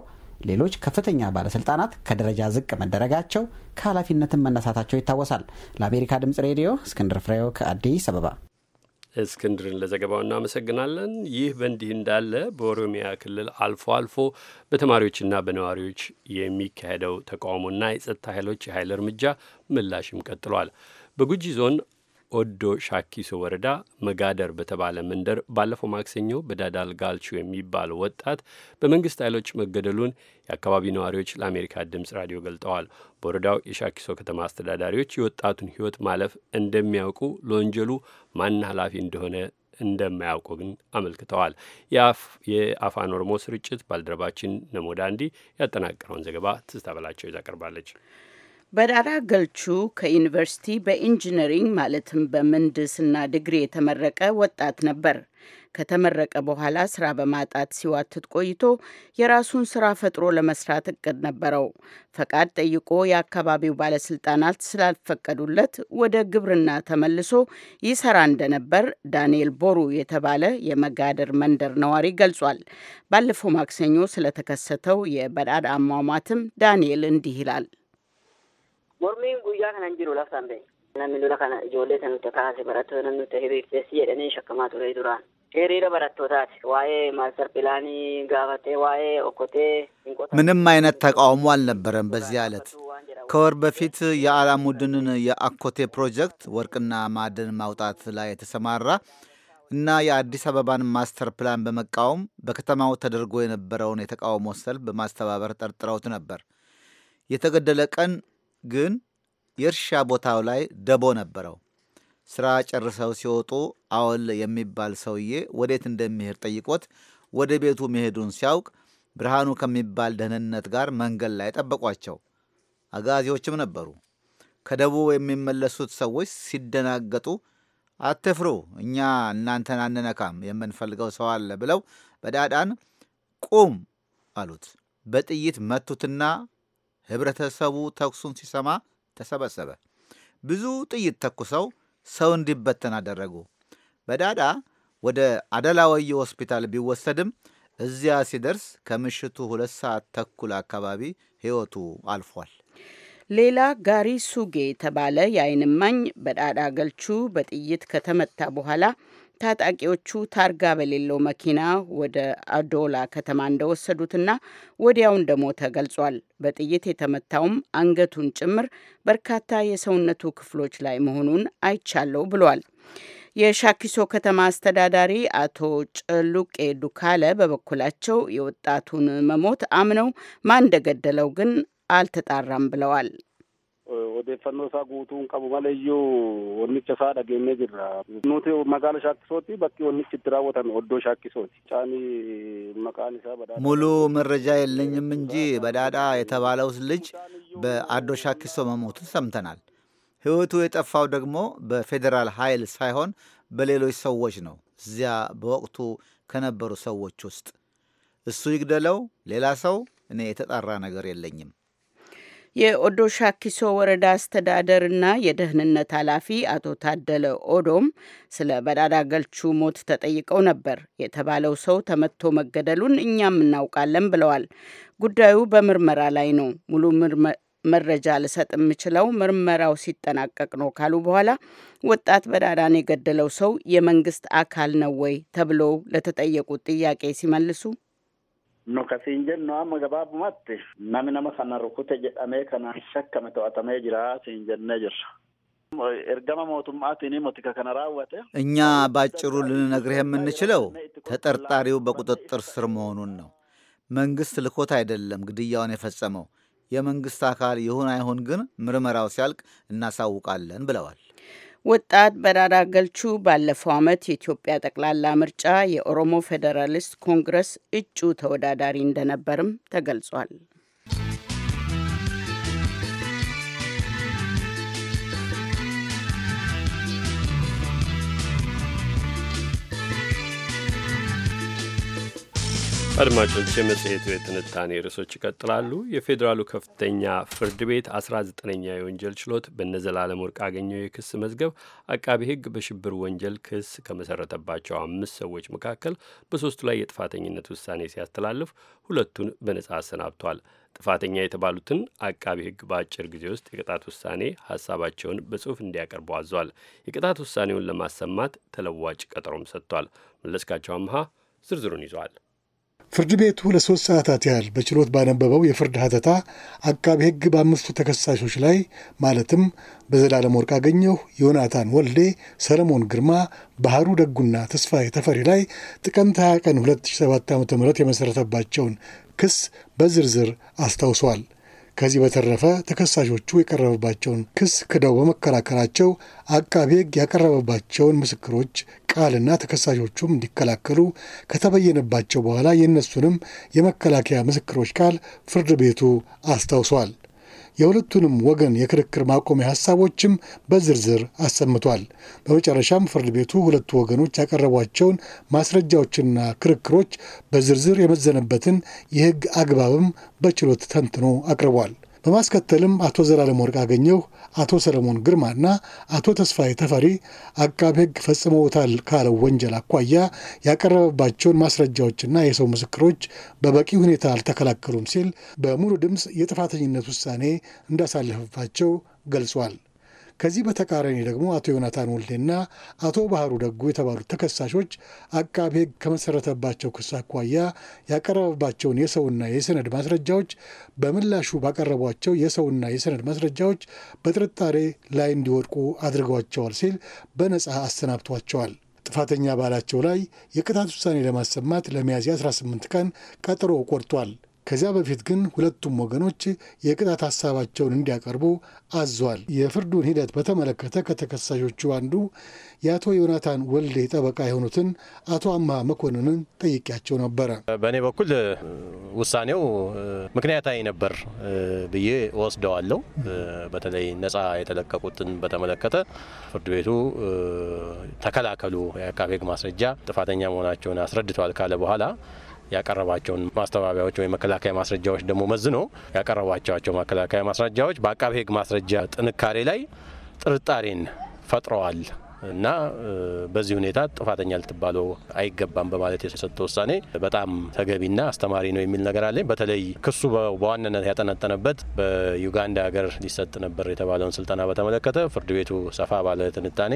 ሌሎች ከፍተኛ ባለስልጣናት ከደረጃ ዝቅ መደረጋቸው፣ ከኃላፊነትም መነሳታቸው ይታወሳል። ለአሜሪካ ድምጽ ሬዲዮ እስክንድር ፍሬው ከአዲስ አበባ። እስክንድርን ለዘገባው እናመሰግናለን። ይህ በእንዲህ እንዳለ በኦሮሚያ ክልል አልፎ አልፎ በተማሪዎችና በነዋሪዎች የሚካሄደው ተቃውሞና የጸጥታ ኃይሎች የኃይል እርምጃ ምላሽም ቀጥሏል። በጉጂ ዞን ኦዶ ሻኪሶ ወረዳ መጋደር በተባለ መንደር ባለፈው ማክሰኞ በዳዳል ጋልቹ የሚባል ወጣት በመንግስት ኃይሎች መገደሉን የአካባቢው ነዋሪዎች ለአሜሪካ ድምፅ ራዲዮ ገልጠዋል። በወረዳው የሻኪሶ ከተማ አስተዳዳሪዎች የወጣቱን ሕይወት ማለፍ እንደሚያውቁ፣ ለወንጀሉ ማን ኃላፊ እንደሆነ እንደማያውቁ ግን አመልክተዋል። የአፋን ኦሮሞ ስርጭት ባልደረባችን ነሞዳ እንዲ ያጠናቀረውን ዘገባ ትስታበላቸው ይዛቀርባለች። ይዛ ቀርባለች። በዳራ ገልቹ ከዩኒቨርሲቲ በኢንጂነሪንግ ማለትም በምህንድስና ድግሪ የተመረቀ ወጣት ነበር። ከተመረቀ በኋላ ስራ በማጣት ሲዋትት ቆይቶ የራሱን ስራ ፈጥሮ ለመስራት እቅድ ነበረው። ፈቃድ ጠይቆ የአካባቢው ባለስልጣናት ስላልፈቀዱለት ወደ ግብርና ተመልሶ ይሰራ እንደነበር ዳንኤል ቦሩ የተባለ የመጋደር መንደር ነዋሪ ገልጿል። ባለፈው ማክሰኞ ስለተከሰተው የበዳድ አሟሟትም ዳንኤል እንዲህ ይላል። mormiin guyyaa kana jiru lafaan bahe. Namni lola kana ijoollee kan nuti kaase barattoota nuti hiriirteessi jedhanii shakkamaa ture duraan. hiriira barattootaati waa'ee master pilaanii gaafatee waa'ee okkotee ምንም አይነት ተቃውሞ አልነበረም። በዚህ ዕለት ከወር በፊት የአላሙድንን የአኮቴ ፕሮጀክት ወርቅና ማዕድን ማውጣት ላይ የተሰማራ እና የአዲስ አበባን ማስተር ፕላን በመቃወም በከተማው ተደርጎ የነበረውን የተቃውሞ ሰልፍ በማስተባበር ጠርጥረውት ነበር። የተገደለ ቀን ግን የእርሻ ቦታው ላይ ደቦ ነበረው። ስራ ጨርሰው ሲወጡ አወል የሚባል ሰውዬ ወዴት እንደሚሄድ ጠይቆት ወደ ቤቱ መሄዱን ሲያውቅ ብርሃኑ ከሚባል ደህንነት ጋር መንገድ ላይ ጠበቋቸው። አጋዜዎችም ነበሩ። ከደቦ የሚመለሱት ሰዎች ሲደናገጡ አትፍሩ፣ እኛ እናንተን አንነካም፣ የምንፈልገው ሰው አለ ብለው በዳዳን ቁም አሉት። በጥይት መቱትና ህብረተሰቡ ተኩሱን ሲሰማ ተሰበሰበ። ብዙ ጥይት ተኩሰው ሰው እንዲበተን አደረጉ። በዳዳ ወደ አደላወየ ሆስፒታል ቢወሰድም እዚያ ሲደርስ ከምሽቱ ሁለት ሰዓት ተኩል አካባቢ ህይወቱ አልፏል። ሌላ ጋሪ ሱጌ የተባለ የአይንማኝ በዳዳ ገልቹ በጥይት ከተመታ በኋላ ታጣቂዎቹ ታርጋ በሌለው መኪና ወደ አዶላ ከተማ እንደወሰዱትና ወዲያው እንደሞተ ገልጿል። በጥይት የተመታውም አንገቱን ጭምር በርካታ የሰውነቱ ክፍሎች ላይ መሆኑን አይቻለው ብሏል። የሻኪሶ ከተማ አስተዳዳሪ አቶ ጭሉቄ ዱካለ በበኩላቸው የወጣቱን መሞት አምነው ማን እንደገደለው ግን አልተጣራም ብለዋል። odeeffannoo isaa guutuu hin qabu malee iyyuu wannicha isaa dhageenyee jirra. Nuti magaala shaakkisooti bakki onnichi itti raawwatan oddoo shaakkisooti. ጫኒ maqaan isaa በዳ ሙሉ መረጃ የለኝም እንጂ በዳዳ የተባለውስ ልጅ በአዶ ሻኪሶ መሞቱን ሰምተናል። ሕይወቱ የጠፋው ደግሞ በፌዴራል ኃይል ሳይሆን በሌሎች ሰዎች ነው። እዚያ በወቅቱ ከነበሩ ሰዎች ውስጥ እሱ ይግደለው ሌላ ሰው፣ እኔ የተጣራ ነገር የለኝም። የኦዶ ሻኪሶ ወረዳ አስተዳደርና የደህንነት ኃላፊ አቶ ታደለ ኦዶም ስለ በዳዳ ገልቹ ሞት ተጠይቀው ነበር። የተባለው ሰው ተመቶ መገደሉን እኛም እናውቃለን ብለዋል። ጉዳዩ በምርመራ ላይ ነው፣ ሙሉ መረጃ ልሰጥ የምችለው ምርመራው ሲጠናቀቅ ነው ካሉ በኋላ ወጣት በዳዳን የገደለው ሰው የመንግስት አካል ነው ወይ ተብሎ ለተጠየቁት ጥያቄ ሲመልሱ No kasiin jennu amma gabaabumatti nami nama kana rukute jedhamee kanaan shakkame to'atamee jira siin jennee jirra. ergama mootummaatiin motika kana raawwate እኛ ባጭሩ ልንነግርህ የምንችለው ተጠርጣሪው በቁጥጥር ስር መሆኑን ነው። መንግስት ልኮት አይደለም ግድያውን የፈጸመው የመንግስት አካል ይሁን አይሁን ግን ምርመራው ሲያልቅ እናሳውቃለን ብለዋል። ወጣት በራራ ገልቹ ባለፈው ዓመት የኢትዮጵያ ጠቅላላ ምርጫ የኦሮሞ ፌዴራሊስት ኮንግረስ እጩ ተወዳዳሪ እንደነበርም ተገልጿል። አድማጮች የመጽሔቱ የትንታኔ ርዕሶች ይቀጥላሉ። የፌዴራሉ ከፍተኛ ፍርድ ቤት 19ኛ የወንጀል ችሎት በነዘላለም ዘላለም ወርቅ አገኘው የክስ መዝገብ አቃቢ ሕግ በሽብር ወንጀል ክስ ከመሰረተባቸው አምስት ሰዎች መካከል በሶስቱ ላይ የጥፋተኝነት ውሳኔ ሲያስተላልፍ ሁለቱን በነጻ አሰናብቷል። ጥፋተኛ የተባሉትን አቃቢ ሕግ በአጭር ጊዜ ውስጥ የቅጣት ውሳኔ ሀሳባቸውን በጽሁፍ እንዲያቀርቡ አዟል። የቅጣት ውሳኔውን ለማሰማት ተለዋጭ ቀጠሮም ሰጥቷል። መለስካቸው አምሃ ዝርዝሩን ይዟል። ፍርድ ቤቱ ለሶስት ሰዓታት ያህል በችሎት ባነበበው የፍርድ ሀተታ አቃቢ ሕግ በአምስቱ ተከሳሾች ላይ ማለትም በዘላለም ወርቅ አገኘሁ፣ ዮናታን ወልዴ፣ ሰለሞን ግርማ፣ ባህሩ ደጉና ተስፋዬ ተፈሪ ላይ ጥቅምት 20 ቀን 2007 ዓ ም የመሠረተባቸውን ክስ በዝርዝር አስታውሷል። ከዚህ በተረፈ ተከሳሾቹ የቀረበባቸውን ክስ ክደው በመከራከራቸው አቃቤ ሕግ ያቀረበባቸውን ምስክሮች ቃልና ተከሳሾቹም እንዲከላከሉ ከተበየነባቸው በኋላ የእነሱንም የመከላከያ ምስክሮች ቃል ፍርድ ቤቱ አስታውሷል። የሁለቱንም ወገን የክርክር ማቆሚያ ሀሳቦችም በዝርዝር አሰምቷል። በመጨረሻም ፍርድ ቤቱ ሁለቱ ወገኖች ያቀረቧቸውን ማስረጃዎችና ክርክሮች በዝርዝር የመዘነበትን የህግ አግባብም በችሎት ተንትኖ አቅርቧል። በማስከተልም አቶ ዘላለም ወርቅ አገኘሁ፣ አቶ ሰለሞን ግርማና አቶ ተስፋዬ ተፈሪ አቃቤ ሕግ ፈጽመውታል ካለው ወንጀል አኳያ ያቀረበባቸውን ማስረጃዎችና የሰው ምስክሮች በበቂ ሁኔታ አልተከላከሉም ሲል በሙሉ ድምፅ የጥፋተኝነት ውሳኔ እንዳሳለፈባቸው ገልጿል። ከዚህ በተቃራኒ ደግሞ አቶ ዮናታን ወልዴና አቶ ባህሩ ደጉ የተባሉት ተከሳሾች አቃቢ ሕግ ከመሰረተባቸው ክስ አኳያ ያቀረበባቸውን የሰውና የሰነድ ማስረጃዎች በምላሹ ባቀረቧቸው የሰውና የሰነድ ማስረጃዎች በጥርጣሬ ላይ እንዲወድቁ አድርገዋቸዋል ሲል በነጻ አሰናብቷቸዋል። ጥፋተኛ ባላቸው ላይ የቅጣት ውሳኔ ለማሰማት ለሚያዝያ 18 ቀን ቀጠሮ ቆርጧል። ከዚያ በፊት ግን ሁለቱም ወገኖች የቅጣት ሀሳባቸውን እንዲያቀርቡ አዟል። የፍርዱን ሂደት በተመለከተ ከተከሳሾቹ አንዱ የአቶ ዮናታን ወልዴ ጠበቃ የሆኑትን አቶ አማ መኮንንን ጠይቄያቸው ነበረ። በእኔ በኩል ውሳኔው ምክንያታዊ ነበር ብዬ ወስደዋለሁ። በተለይ ነጻ የተለቀቁትን በተመለከተ ፍርድ ቤቱ ተከላከሉ የአቃቤ ሕግ ማስረጃ ጥፋተኛ መሆናቸውን አስረድተዋል ካለ በኋላ ያቀረባቸውን ማስተባበያዎች ወይም መከላከያ ማስረጃዎች ደግሞ መዝኖ ያቀረባቸዋቸው መከላከያ ማስረጃዎች በአቃቤ ሕግ ማስረጃ ጥንካሬ ላይ ጥርጣሬን ፈጥረዋል እና በዚህ ሁኔታ ጥፋተኛ ልትባለው አይገባም በማለት የሰጠ ውሳኔ በጣም ተገቢና አስተማሪ ነው የሚል ነገር አለኝ። በተለይ ክሱ በዋናነት ያጠነጠነበት በዩጋንዳ ሀገር ሊሰጥ ነበር የተባለውን ስልጠና በተመለከተ ፍርድ ቤቱ ሰፋ ባለ ትንታኔ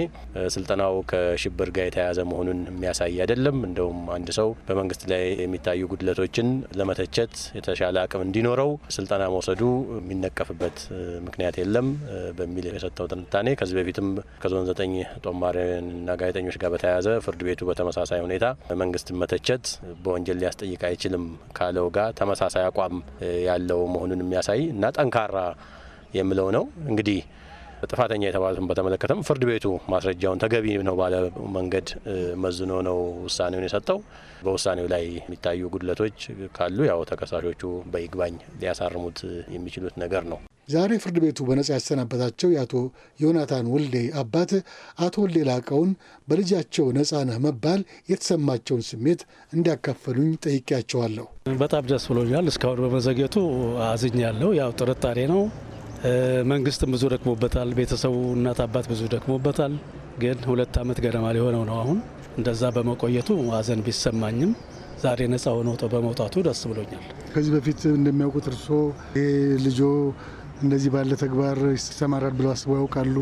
ስልጠናው ከሽብር ጋር የተያያዘ መሆኑን የሚያሳይ አይደለም፣ እንደውም አንድ ሰው በመንግስት ላይ የሚታዩ ጉድለቶችን ለመተቸት የተሻለ አቅም እንዲኖረው ስልጠና መውሰዱ የሚነቀፍበት ምክንያት የለም በሚል የሰጠው ትንታኔ ከዚህ በፊትም ከዞን ዘጠኝ ከጦማሪያንና ጋዜጠኞች ጋር በተያያዘ ፍርድ ቤቱ በተመሳሳይ ሁኔታ መንግስትን መተቸት በወንጀል ሊያስጠይቅ አይችልም ካለው ጋር ተመሳሳይ አቋም ያለው መሆኑን የሚያሳይ እና ጠንካራ የምለው ነው እንግዲህ ጥፋተኛ የተባሉትን በተመለከተም ፍርድ ቤቱ ማስረጃውን ተገቢ ነው ባለ መንገድ መዝኖ ነው ውሳኔውን የሰጠው። በውሳኔው ላይ የሚታዩ ጉድለቶች ካሉ ያው ተከሳሾቹ በይግባኝ ሊያሳርሙት የሚችሉት ነገር ነው። ዛሬ ፍርድ ቤቱ በነጻ ያሰናበታቸው የአቶ ዮናታን ወልዴ አባት አቶ ወልዴ ላቀውን በልጃቸው ነጻነህ መባል የተሰማቸውን ስሜት እንዲያካፈሉኝ ጠይቄያቸዋለሁ። በጣም ደስ ብሎኛል። እስካሁን በመዘግየቱ አዝኛለሁ። ያው ጥርጣሬ ነው መንግስትም ብዙ ደክሞበታል። ቤተሰቡ እናት አባት ብዙ ደክሞበታል። ግን ሁለት ዓመት ገደማ ሊሆነው ነው አሁን እንደዛ በመቆየቱ ሀዘን ቢሰማኝም ዛሬ ነፃ ሆኖ በመውጣቱ ደስ ብሎኛል። ከዚህ በፊት እንደሚያውቁት እርስዎ ልጆ እንደዚህ ባለ ተግባር ይሰማራል ብለው አስበው ያውቃሉ?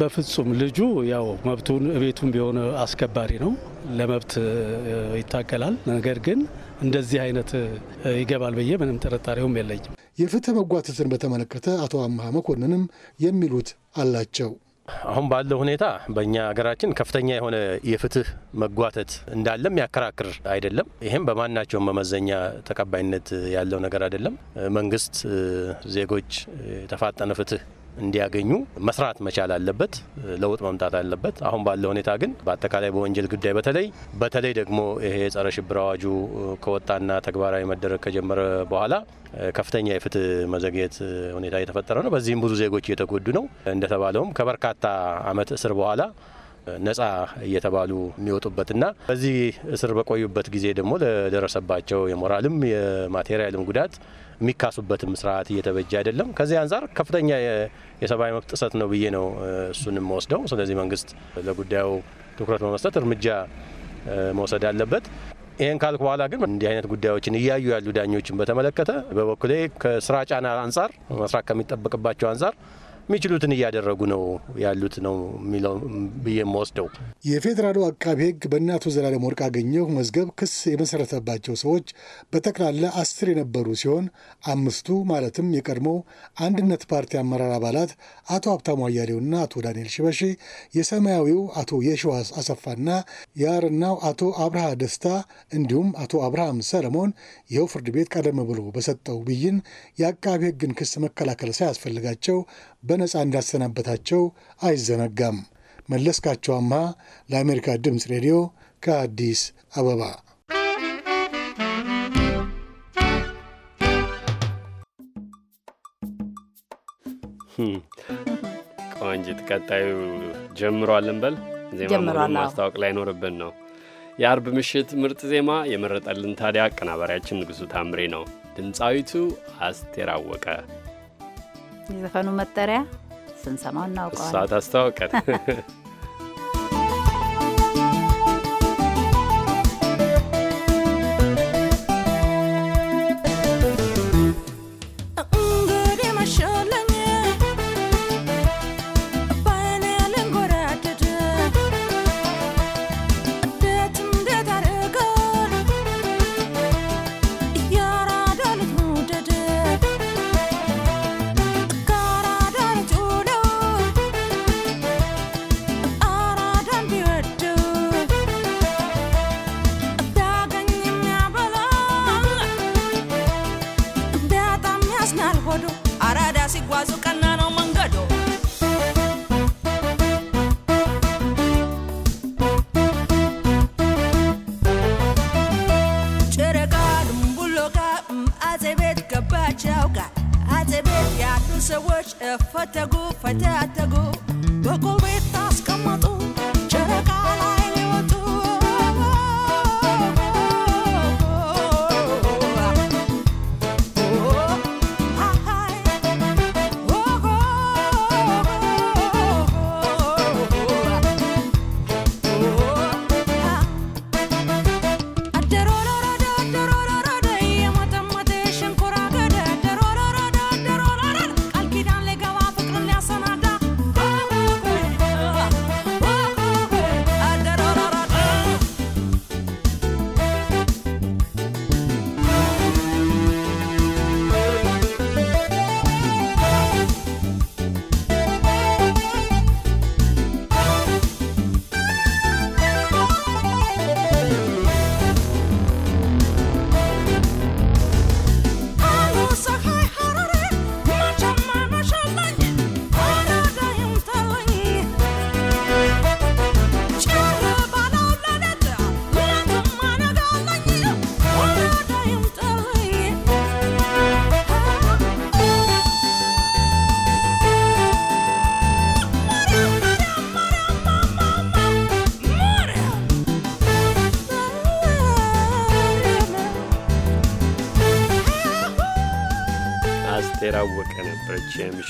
በፍጹም ልጁ ያው መብቱን ቤቱን ቢሆን አስከባሪ ነው፣ ለመብት ይታገላል። ነገር ግን እንደዚህ አይነት ይገባል ብዬ ምንም ጥርጣሬውም የለኝም። የፍትህ መጓተትን በተመለከተ አቶ አምሃ መኮንንም የሚሉት አላቸው። አሁን ባለው ሁኔታ በእኛ ሀገራችን ከፍተኛ የሆነ የፍትህ መጓተት እንዳለ የሚያከራክር አይደለም። ይህም በማናቸውም መመዘኛ ተቀባይነት ያለው ነገር አይደለም። መንግስት ዜጎች የተፋጠነ ፍትህ እንዲያገኙ መስራት መቻል አለበት። ለውጥ መምጣት አለበት። አሁን ባለ ሁኔታ ግን በአጠቃላይ በወንጀል ጉዳይ በተለይ በተለይ ደግሞ ይሄ የጸረ ሽብር አዋጁ ከወጣና ተግባራዊ መደረግ ከጀመረ በኋላ ከፍተኛ የፍትህ መዘግየት ሁኔታ እየተፈጠረ ነው። በዚህም ብዙ ዜጎች እየተጎዱ ነው። እንደተባለውም ከበርካታ አመት እስር በኋላ ነጻ እየተባሉ የሚወጡበትና በዚህ እስር በቆዩበት ጊዜ ደግሞ ለደረሰባቸው የሞራልም የማቴሪያልም ጉዳት የሚካሱበትም ስርዓት እየተበጀ አይደለም። ከዚህ አንጻር ከፍተኛ የሰብአዊ መብት ጥሰት ነው ብዬ ነው እሱንም ወስደው። ስለዚህ መንግስት ለጉዳዩ ትኩረት በመስጠት እርምጃ መውሰድ አለበት። ይህን ካልኩ በኋላ ግን እንዲህ አይነት ጉዳዮችን እያዩ ያሉ ዳኞችን በተመለከተ በበኩሌ ከስራ ጫና አንጻር መስራት ከሚጠበቅባቸው አንጻር የሚችሉትን እያደረጉ ነው ያሉት ነው የሚለው ብዬ የምወስደው። የፌዴራሉ አቃቢ ሕግ በእነ አቶ ዘላለም ወርቅ አገኘሁ መዝገብ ክስ የመሰረተባቸው ሰዎች በጠቅላላ አስር የነበሩ ሲሆን አምስቱ ማለትም የቀድሞ አንድነት ፓርቲ አመራር አባላት አቶ ሀብታሙ አያሌውና አቶ ዳንኤል ሽበሺ፣ የሰማያዊው አቶ የሸዋስ አሰፋና የአርናው አቶ አብርሃ ደስታ እንዲሁም አቶ አብርሃም ሰለሞን ይኸው ፍርድ ቤት ቀደም ብሎ በሰጠው ብይን የአቃቢ ሕግን ክስ መከላከል ሳያስፈልጋቸው በነፃ እንዳሰናበታቸው አይዘነጋም። መለስካቸው አምሃ ለአሜሪካ ድምፅ ሬዲዮ ከአዲስ አበባ ቆንጅት፣ ቀጣዩ ጀምሯልን በል ዜማ ማስታወቅ ላይ ኖርብን ነው። የአርብ ምሽት ምርጥ ዜማ የመረጠልን ታዲያ አቀናባሪያችን ንጉሡ ታምሬ ነው። ድምፃዊቱ አስቴር አወቀ የዘፈኑ መጠሪያ ስንሰማው እናውቀዋል። ሰዓት አስተዋውቀን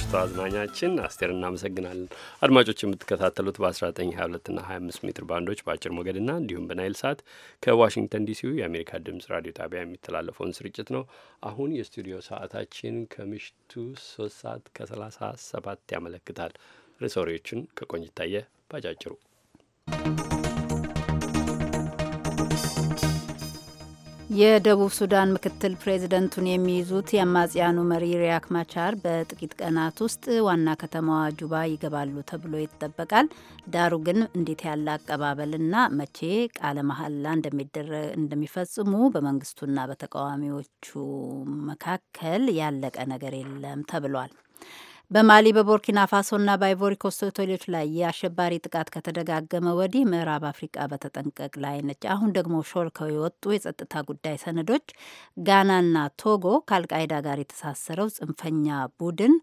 ምሽቱ አዝናኛችን አስቴር እናመሰግናለን። አድማጮች የምትከታተሉት በ1922 እና 25 ሜትር ባንዶች በአጭር ሞገድና እንዲሁም በናይል ሰዓት ከዋሽንግተን ዲሲው የአሜሪካ ድምፅ ራዲዮ ጣቢያ የሚተላለፈውን ስርጭት ነው። አሁን የስቱዲዮ ሰዓታችን ከምሽቱ 3 ሰዓት ከ37 ያመለክታል። ርዕሰ ወሬዎችን ከቆንጅታየ ባጫጭሩ የደቡብ ሱዳን ምክትል ፕሬዚደንቱን የሚይዙት የአማጽያኑ መሪ ሪያክ ማቻር በጥቂት ቀናት ውስጥ ዋና ከተማዋ ጁባ ይገባሉ ተብሎ ይጠበቃል። ዳሩ ግን እንዴት ያለ አቀባበልና መቼ ቃለ መሐላ እንደሚፈጽሙ በመንግስቱና በተቃዋሚዎቹ መካከል ያለቀ ነገር የለም ተብሏል። በማሊ በቦርኪና ፋሶና በአይቮሪ ኮስት ሆቴሎች ላይ የአሸባሪ ጥቃት ከተደጋገመ ወዲህ ምዕራብ አፍሪቃ በተጠንቀቅ ላይ ነች። አሁን ደግሞ ሾልከው የወጡ የጸጥታ ጉዳይ ሰነዶች ጋናና ቶጎ ከአልቃይዳ ጋር የተሳሰረው ጽንፈኛ ቡድን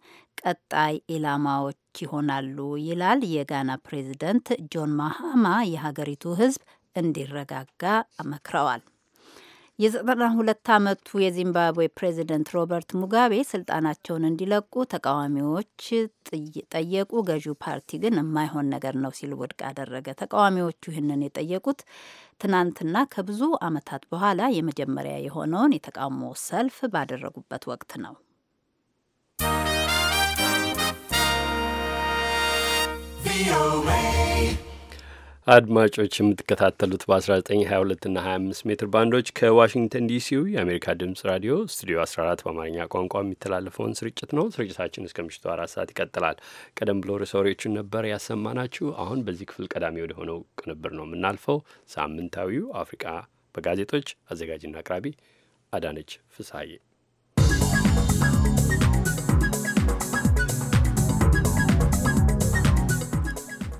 ቀጣይ ኢላማዎች ይሆናሉ ይላል። የጋና ፕሬዚደንት ጆን ማሃማ የሀገሪቱ ሕዝብ እንዲረጋጋ መክረዋል። የዘጠና ሁለት ዓመቱ የዚምባብዌ ፕሬዚደንት ሮበርት ሙጋቤ ስልጣናቸውን እንዲለቁ ተቃዋሚዎች ጠየቁ። ገዢው ፓርቲ ግን የማይሆን ነገር ነው ሲል ውድቅ አደረገ። ተቃዋሚዎቹ ይህንን የጠየቁት ትናንትና ከብዙ ዓመታት በኋላ የመጀመሪያ የሆነውን የተቃውሞ ሰልፍ ባደረጉበት ወቅት ነው። ቪኦኤ አድማጮች የምትከታተሉት በ1922 እና 25 ሜትር ባንዶች ከዋሽንግተን ዲሲው የአሜሪካ ድምፅ ራዲዮ ስቱዲዮ 14 በአማርኛ ቋንቋ የሚተላለፈውን ስርጭት ነው። ስርጭታችን እስከ ምሽቱ አራት ሰዓት ይቀጥላል። ቀደም ብሎ ርዕሰ ወሬዎቹን ነበር ያሰማናችሁ። አሁን በዚህ ክፍል ቀዳሚ ወደ ሆነው ቅንብር ነው የምናልፈው። ሳምንታዊው አፍሪቃ በጋዜጦች አዘጋጅና አቅራቢ አዳነች ፍሳዬ።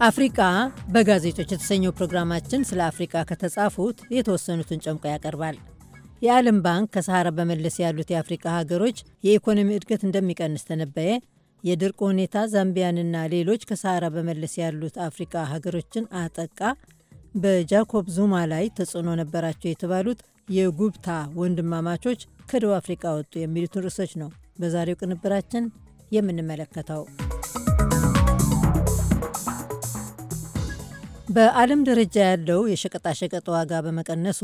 አፍሪቃ በጋዜጦች የተሰኘው ፕሮግራማችን ስለ አፍሪቃ ከተጻፉት የተወሰኑትን ጨምቆ ያቀርባል። የዓለም ባንክ ከሰሃራ በመለስ ያሉት የአፍሪቃ ሀገሮች የኢኮኖሚ እድገት እንደሚቀንስ ተነበየ። የድርቅ ሁኔታ ዛምቢያንና ሌሎች ከሰሐራ በመለስ ያሉት አፍሪቃ ሀገሮችን አጠቃ። በጃኮብ ዙማ ላይ ተጽዕኖ ነበራቸው የተባሉት የጉብታ ወንድማማቾች ከደቡብ አፍሪቃ ወጡ የሚሉትን ርዕሶች ነው በዛሬው ቅንብራችን የምንመለከተው። በዓለም ደረጃ ያለው የሸቀጣሸቀጥ ዋጋ በመቀነሱ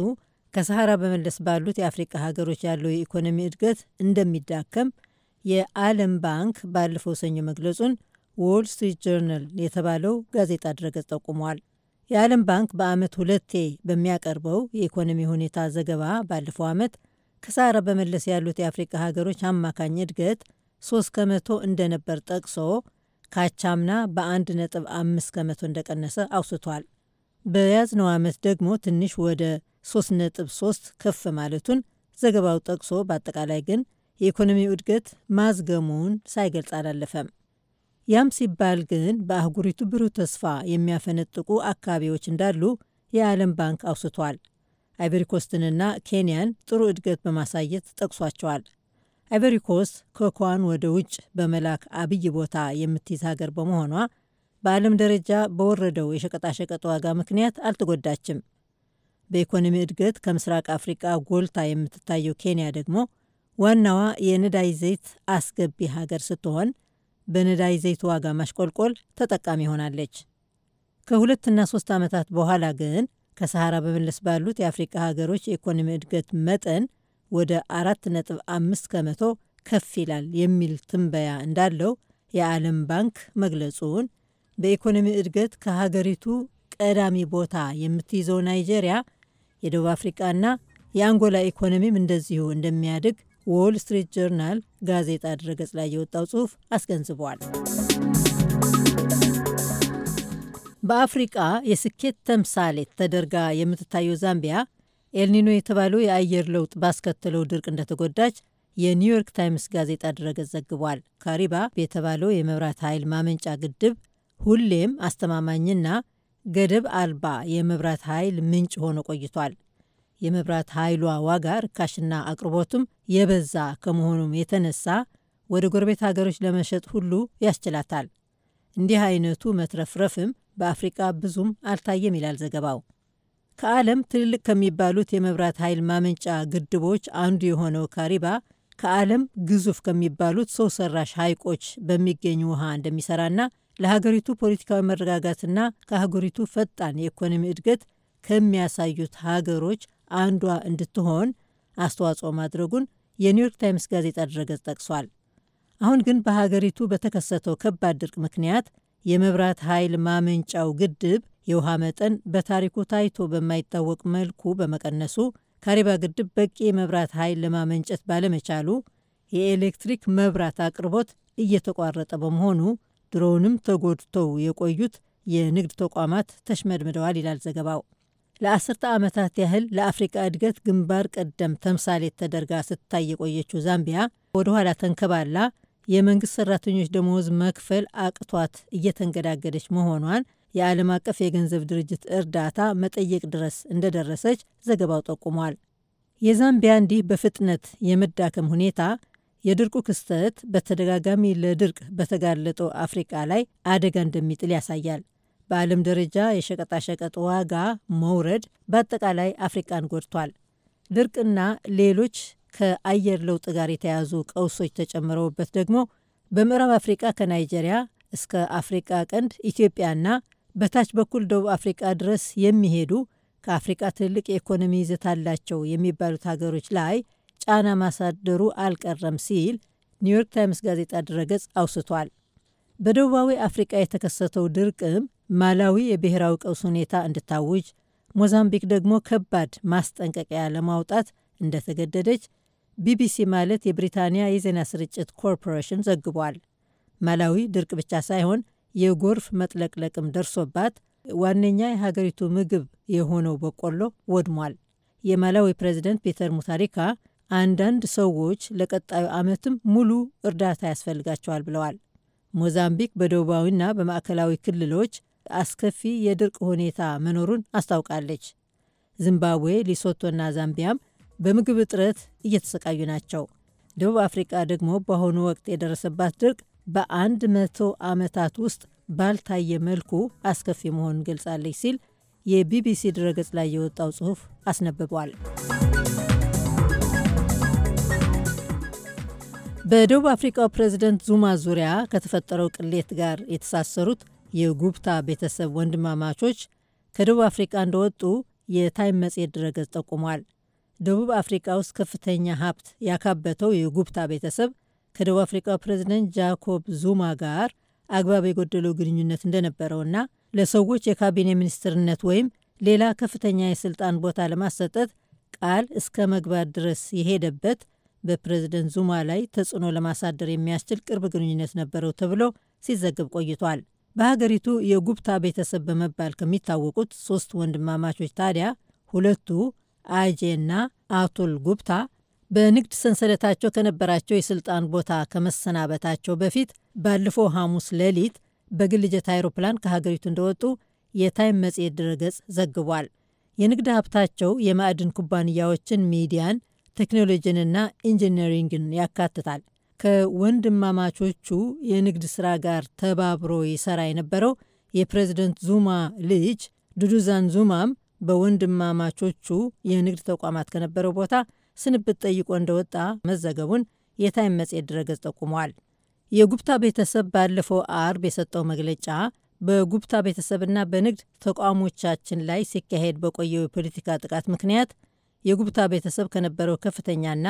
ከሰሐራ በመለስ ባሉት የአፍሪካ ሀገሮች ያለው የኢኮኖሚ እድገት እንደሚዳከም የዓለም ባንክ ባለፈው ሰኞ መግለጹን ዎል ስትሪት ጆርናል የተባለው ጋዜጣ ድረገጽ ጠቁሟል። የዓለም ባንክ በዓመት ሁለቴ በሚያቀርበው የኢኮኖሚ ሁኔታ ዘገባ ባለፈው ዓመት ከሰሐራ በመለስ ያሉት የአፍሪካ ሀገሮች አማካኝ እድገት ሶስት ከመቶ እንደነበር ጠቅሶ ካቻምና በ1.5 ከመቶ እንደቀነሰ አውስቷል። በያዝነው ዓመት ደግሞ ትንሽ ወደ 3.3 ከፍ ማለቱን ዘገባው ጠቅሶ በአጠቃላይ ግን የኢኮኖሚ እድገት ማዝገሙን ሳይገልጽ አላለፈም። ያም ሲባል ግን በአህጉሪቱ ብሩህ ተስፋ የሚያፈነጥቁ አካባቢዎች እንዳሉ የዓለም ባንክ አውስቷል። አይቨሪኮስትንና ኬንያን ጥሩ እድገት በማሳየት ጠቅሷቸዋል። አይቨሪኮስ ኮኳን ወደ ውጭ በመላክ አብይ ቦታ የምትይዝ ሀገር በመሆኗ በዓለም ደረጃ በወረደው የሸቀጣሸቀጥ ዋጋ ምክንያት አልተጎዳችም። በኢኮኖሚ እድገት ከምስራቅ አፍሪቃ ጎልታ የምትታየው ኬንያ ደግሞ ዋናዋ የነዳጅ ዘይት አስገቢ ሀገር ስትሆን በነዳጅ ዘይት ዋጋ ማሽቆልቆል ተጠቃሚ ሆናለች። ከሁለትና ሶስት ዓመታት በኋላ ግን ከሰሃራ በመለስ ባሉት የአፍሪቃ ሀገሮች የኢኮኖሚ እድገት መጠን ወደ 4.5 ከመቶ ከፍ ይላል የሚል ትንበያ እንዳለው የዓለም ባንክ መግለጹን፣ በኢኮኖሚ እድገት ከሀገሪቱ ቀዳሚ ቦታ የምትይዘው ናይጄሪያ፣ የደቡብ አፍሪቃና የአንጎላ ኢኮኖሚም እንደዚሁ እንደሚያድግ ዎል ስትሪት ጆርናል ጋዜጣ ድረገጽ ላይ የወጣው ጽሑፍ አስገንዝቧል። በአፍሪቃ የስኬት ተምሳሌት ተደርጋ የምትታየው ዛምቢያ ኤልኒኖ የተባለው የአየር ለውጥ ባስከተለው ድርቅ እንደተጎዳች የኒውዮርክ ታይምስ ጋዜጣ ድረገጽ ዘግቧል። ካሪባ የተባለው የመብራት ኃይል ማመንጫ ግድብ ሁሌም አስተማማኝና ገደብ አልባ የመብራት ኃይል ምንጭ ሆኖ ቆይቷል። የመብራት ኃይሏ ዋጋ ርካሽና አቅርቦቱም የበዛ ከመሆኑም የተነሳ ወደ ጎረቤት ሀገሮች ለመሸጥ ሁሉ ያስችላታል። እንዲህ አይነቱ መትረፍረፍም በአፍሪቃ ብዙም አልታየም ይላል ዘገባው። ከዓለም ትልልቅ ከሚባሉት የመብራት ኃይል ማመንጫ ግድቦች አንዱ የሆነው ካሪባ ከዓለም ግዙፍ ከሚባሉት ሰው ሰራሽ ሐይቆች በሚገኝ ውሃ እንደሚሰራና ለሀገሪቱ ፖለቲካዊ መረጋጋትና ከሀገሪቱ ፈጣን የኢኮኖሚ እድገት ከሚያሳዩት ሀገሮች አንዷ እንድትሆን አስተዋጽኦ ማድረጉን የኒውዮርክ ታይምስ ጋዜጣ ድረገጽ ጠቅሷል። አሁን ግን በሀገሪቱ በተከሰተው ከባድ ድርቅ ምክንያት የመብራት ኃይል ማመንጫው ግድብ የውሃ መጠን በታሪኩ ታይቶ በማይታወቅ መልኩ በመቀነሱ ካሪባ ግድብ በቂ የመብራት ኃይል ለማመንጨት ባለመቻሉ የኤሌክትሪክ መብራት አቅርቦት እየተቋረጠ በመሆኑ ድሮውንም ተጎድተው የቆዩት የንግድ ተቋማት ተሽመድምደዋል ይላል ዘገባው። ለአስርተ ዓመታት ያህል ለአፍሪቃ እድገት ግንባር ቀደም ተምሳሌት ተደርጋ ስትታይ የቆየችው ዛምቢያ ወደ ኋላ ተንከባላ የመንግሥት ሠራተኞች ደሞዝ መክፈል አቅቷት እየተንገዳገደች መሆኗን የዓለም አቀፍ የገንዘብ ድርጅት እርዳታ መጠየቅ ድረስ እንደደረሰች ዘገባው ጠቁሟል። የዛምቢያ እንዲህ በፍጥነት የመዳከም ሁኔታ የድርቁ ክስተት በተደጋጋሚ ለድርቅ በተጋለጠው አፍሪቃ ላይ አደጋ እንደሚጥል ያሳያል። በዓለም ደረጃ የሸቀጣሸቀጥ ዋጋ መውረድ በአጠቃላይ አፍሪቃን ጎድቷል። ድርቅና ሌሎች ከአየር ለውጥ ጋር የተያያዙ ቀውሶች ተጨምረውበት ደግሞ በምዕራብ አፍሪቃ ከናይጄሪያ እስከ አፍሪቃ ቀንድ ኢትዮጵያና በታች በኩል ደቡብ አፍሪቃ ድረስ የሚሄዱ ከአፍሪቃ ትልቅ የኢኮኖሚ ይዘት አላቸው የሚባሉት ሀገሮች ላይ ጫና ማሳደሩ አልቀረም ሲል ኒውዮርክ ታይምስ ጋዜጣ ድረገጽ አውስቷል። በደቡባዊ አፍሪቃ የተከሰተው ድርቅም ማላዊ የብሔራዊ ቀውስ ሁኔታ እንድታውጅ፣ ሞዛምቢክ ደግሞ ከባድ ማስጠንቀቂያ ለማውጣት እንደተገደደች ቢቢሲ ማለት የብሪታንያ የዜና ስርጭት ኮርፖሬሽን ዘግቧል። ማላዊ ድርቅ ብቻ ሳይሆን የጎርፍ መጥለቅለቅም ደርሶባት ዋነኛ የሀገሪቱ ምግብ የሆነው በቆሎ ወድሟል። የማላዊ ፕሬዚደንት ፒተር ሙታሪካ አንዳንድ ሰዎች ለቀጣዩ ዓመትም ሙሉ እርዳታ ያስፈልጋቸዋል ብለዋል። ሞዛምቢክ በደቡባዊና በማዕከላዊ ክልሎች አስከፊ የድርቅ ሁኔታ መኖሩን አስታውቃለች። ዚምባብዌ፣ ሊሶቶና ዛምቢያም በምግብ እጥረት እየተሰቃዩ ናቸው። ደቡብ አፍሪቃ ደግሞ በአሁኑ ወቅት የደረሰባት ድርቅ በአንድ መቶ ዓመታት ውስጥ ባልታየ መልኩ አስከፊ መሆኑን ገልጻለች ሲል የቢቢሲ ድረገጽ ላይ የወጣው ጽሑፍ አስነብቧል። በደቡብ አፍሪካው ፕሬዚደንት ዙማ ዙሪያ ከተፈጠረው ቅሌት ጋር የተሳሰሩት የጉብታ ቤተሰብ ወንድማማቾች ከደቡብ አፍሪቃ እንደወጡ የታይም መጽሔት ድረገጽ ጠቁሟል። ደቡብ አፍሪቃ ውስጥ ከፍተኛ ሀብት ያካበተው የጉብታ ቤተሰብ ከደቡብ አፍሪቃው ፕሬዚደንት ጃኮብ ዙማ ጋር አግባብ የጎደለው ግንኙነት እንደነበረውና ለሰዎች የካቢኔ ሚኒስትርነት ወይም ሌላ ከፍተኛ የስልጣን ቦታ ለማሰጠት ቃል እስከ መግባት ድረስ የሄደበት በፕሬዝደንት ዙማ ላይ ተጽዕኖ ለማሳደር የሚያስችል ቅርብ ግንኙነት ነበረው ተብሎ ሲዘግብ ቆይቷል። በሀገሪቱ የጉብታ ቤተሰብ በመባል ከሚታወቁት ሶስት ወንድማማቾች ታዲያ ሁለቱ አጄና አቶል ጉብታ በንግድ ሰንሰለታቸው ከነበራቸው የስልጣን ቦታ ከመሰናበታቸው በፊት ባለፈው ሐሙስ ሌሊት በግል ጀት አይሮፕላን ከሀገሪቱ እንደወጡ የታይም መጽሔት ድረገጽ ዘግቧል። የንግድ ሀብታቸው የማዕድን ኩባንያዎችን፣ ሚዲያን፣ ቴክኖሎጂንና ኢንጂነሪንግን ያካትታል። ከወንድማማቾቹ የንግድ ሥራ ጋር ተባብሮ ይሰራ የነበረው የፕሬዚደንት ዙማ ልጅ ዱዱዛን ዙማም በወንድማማቾቹ የንግድ ተቋማት ከነበረው ቦታ ስንብት ጠይቆ እንደወጣ መዘገቡን የታይም መጽሔት ድረገጽ ጠቁመዋል። የጉብታ ቤተሰብ ባለፈው አርብ የሰጠው መግለጫ በጉብታ ቤተሰብና በንግድ ተቋሞቻችን ላይ ሲካሄድ በቆየው የፖለቲካ ጥቃት ምክንያት የጉብታ ቤተሰብ ከነበረው ከፍተኛና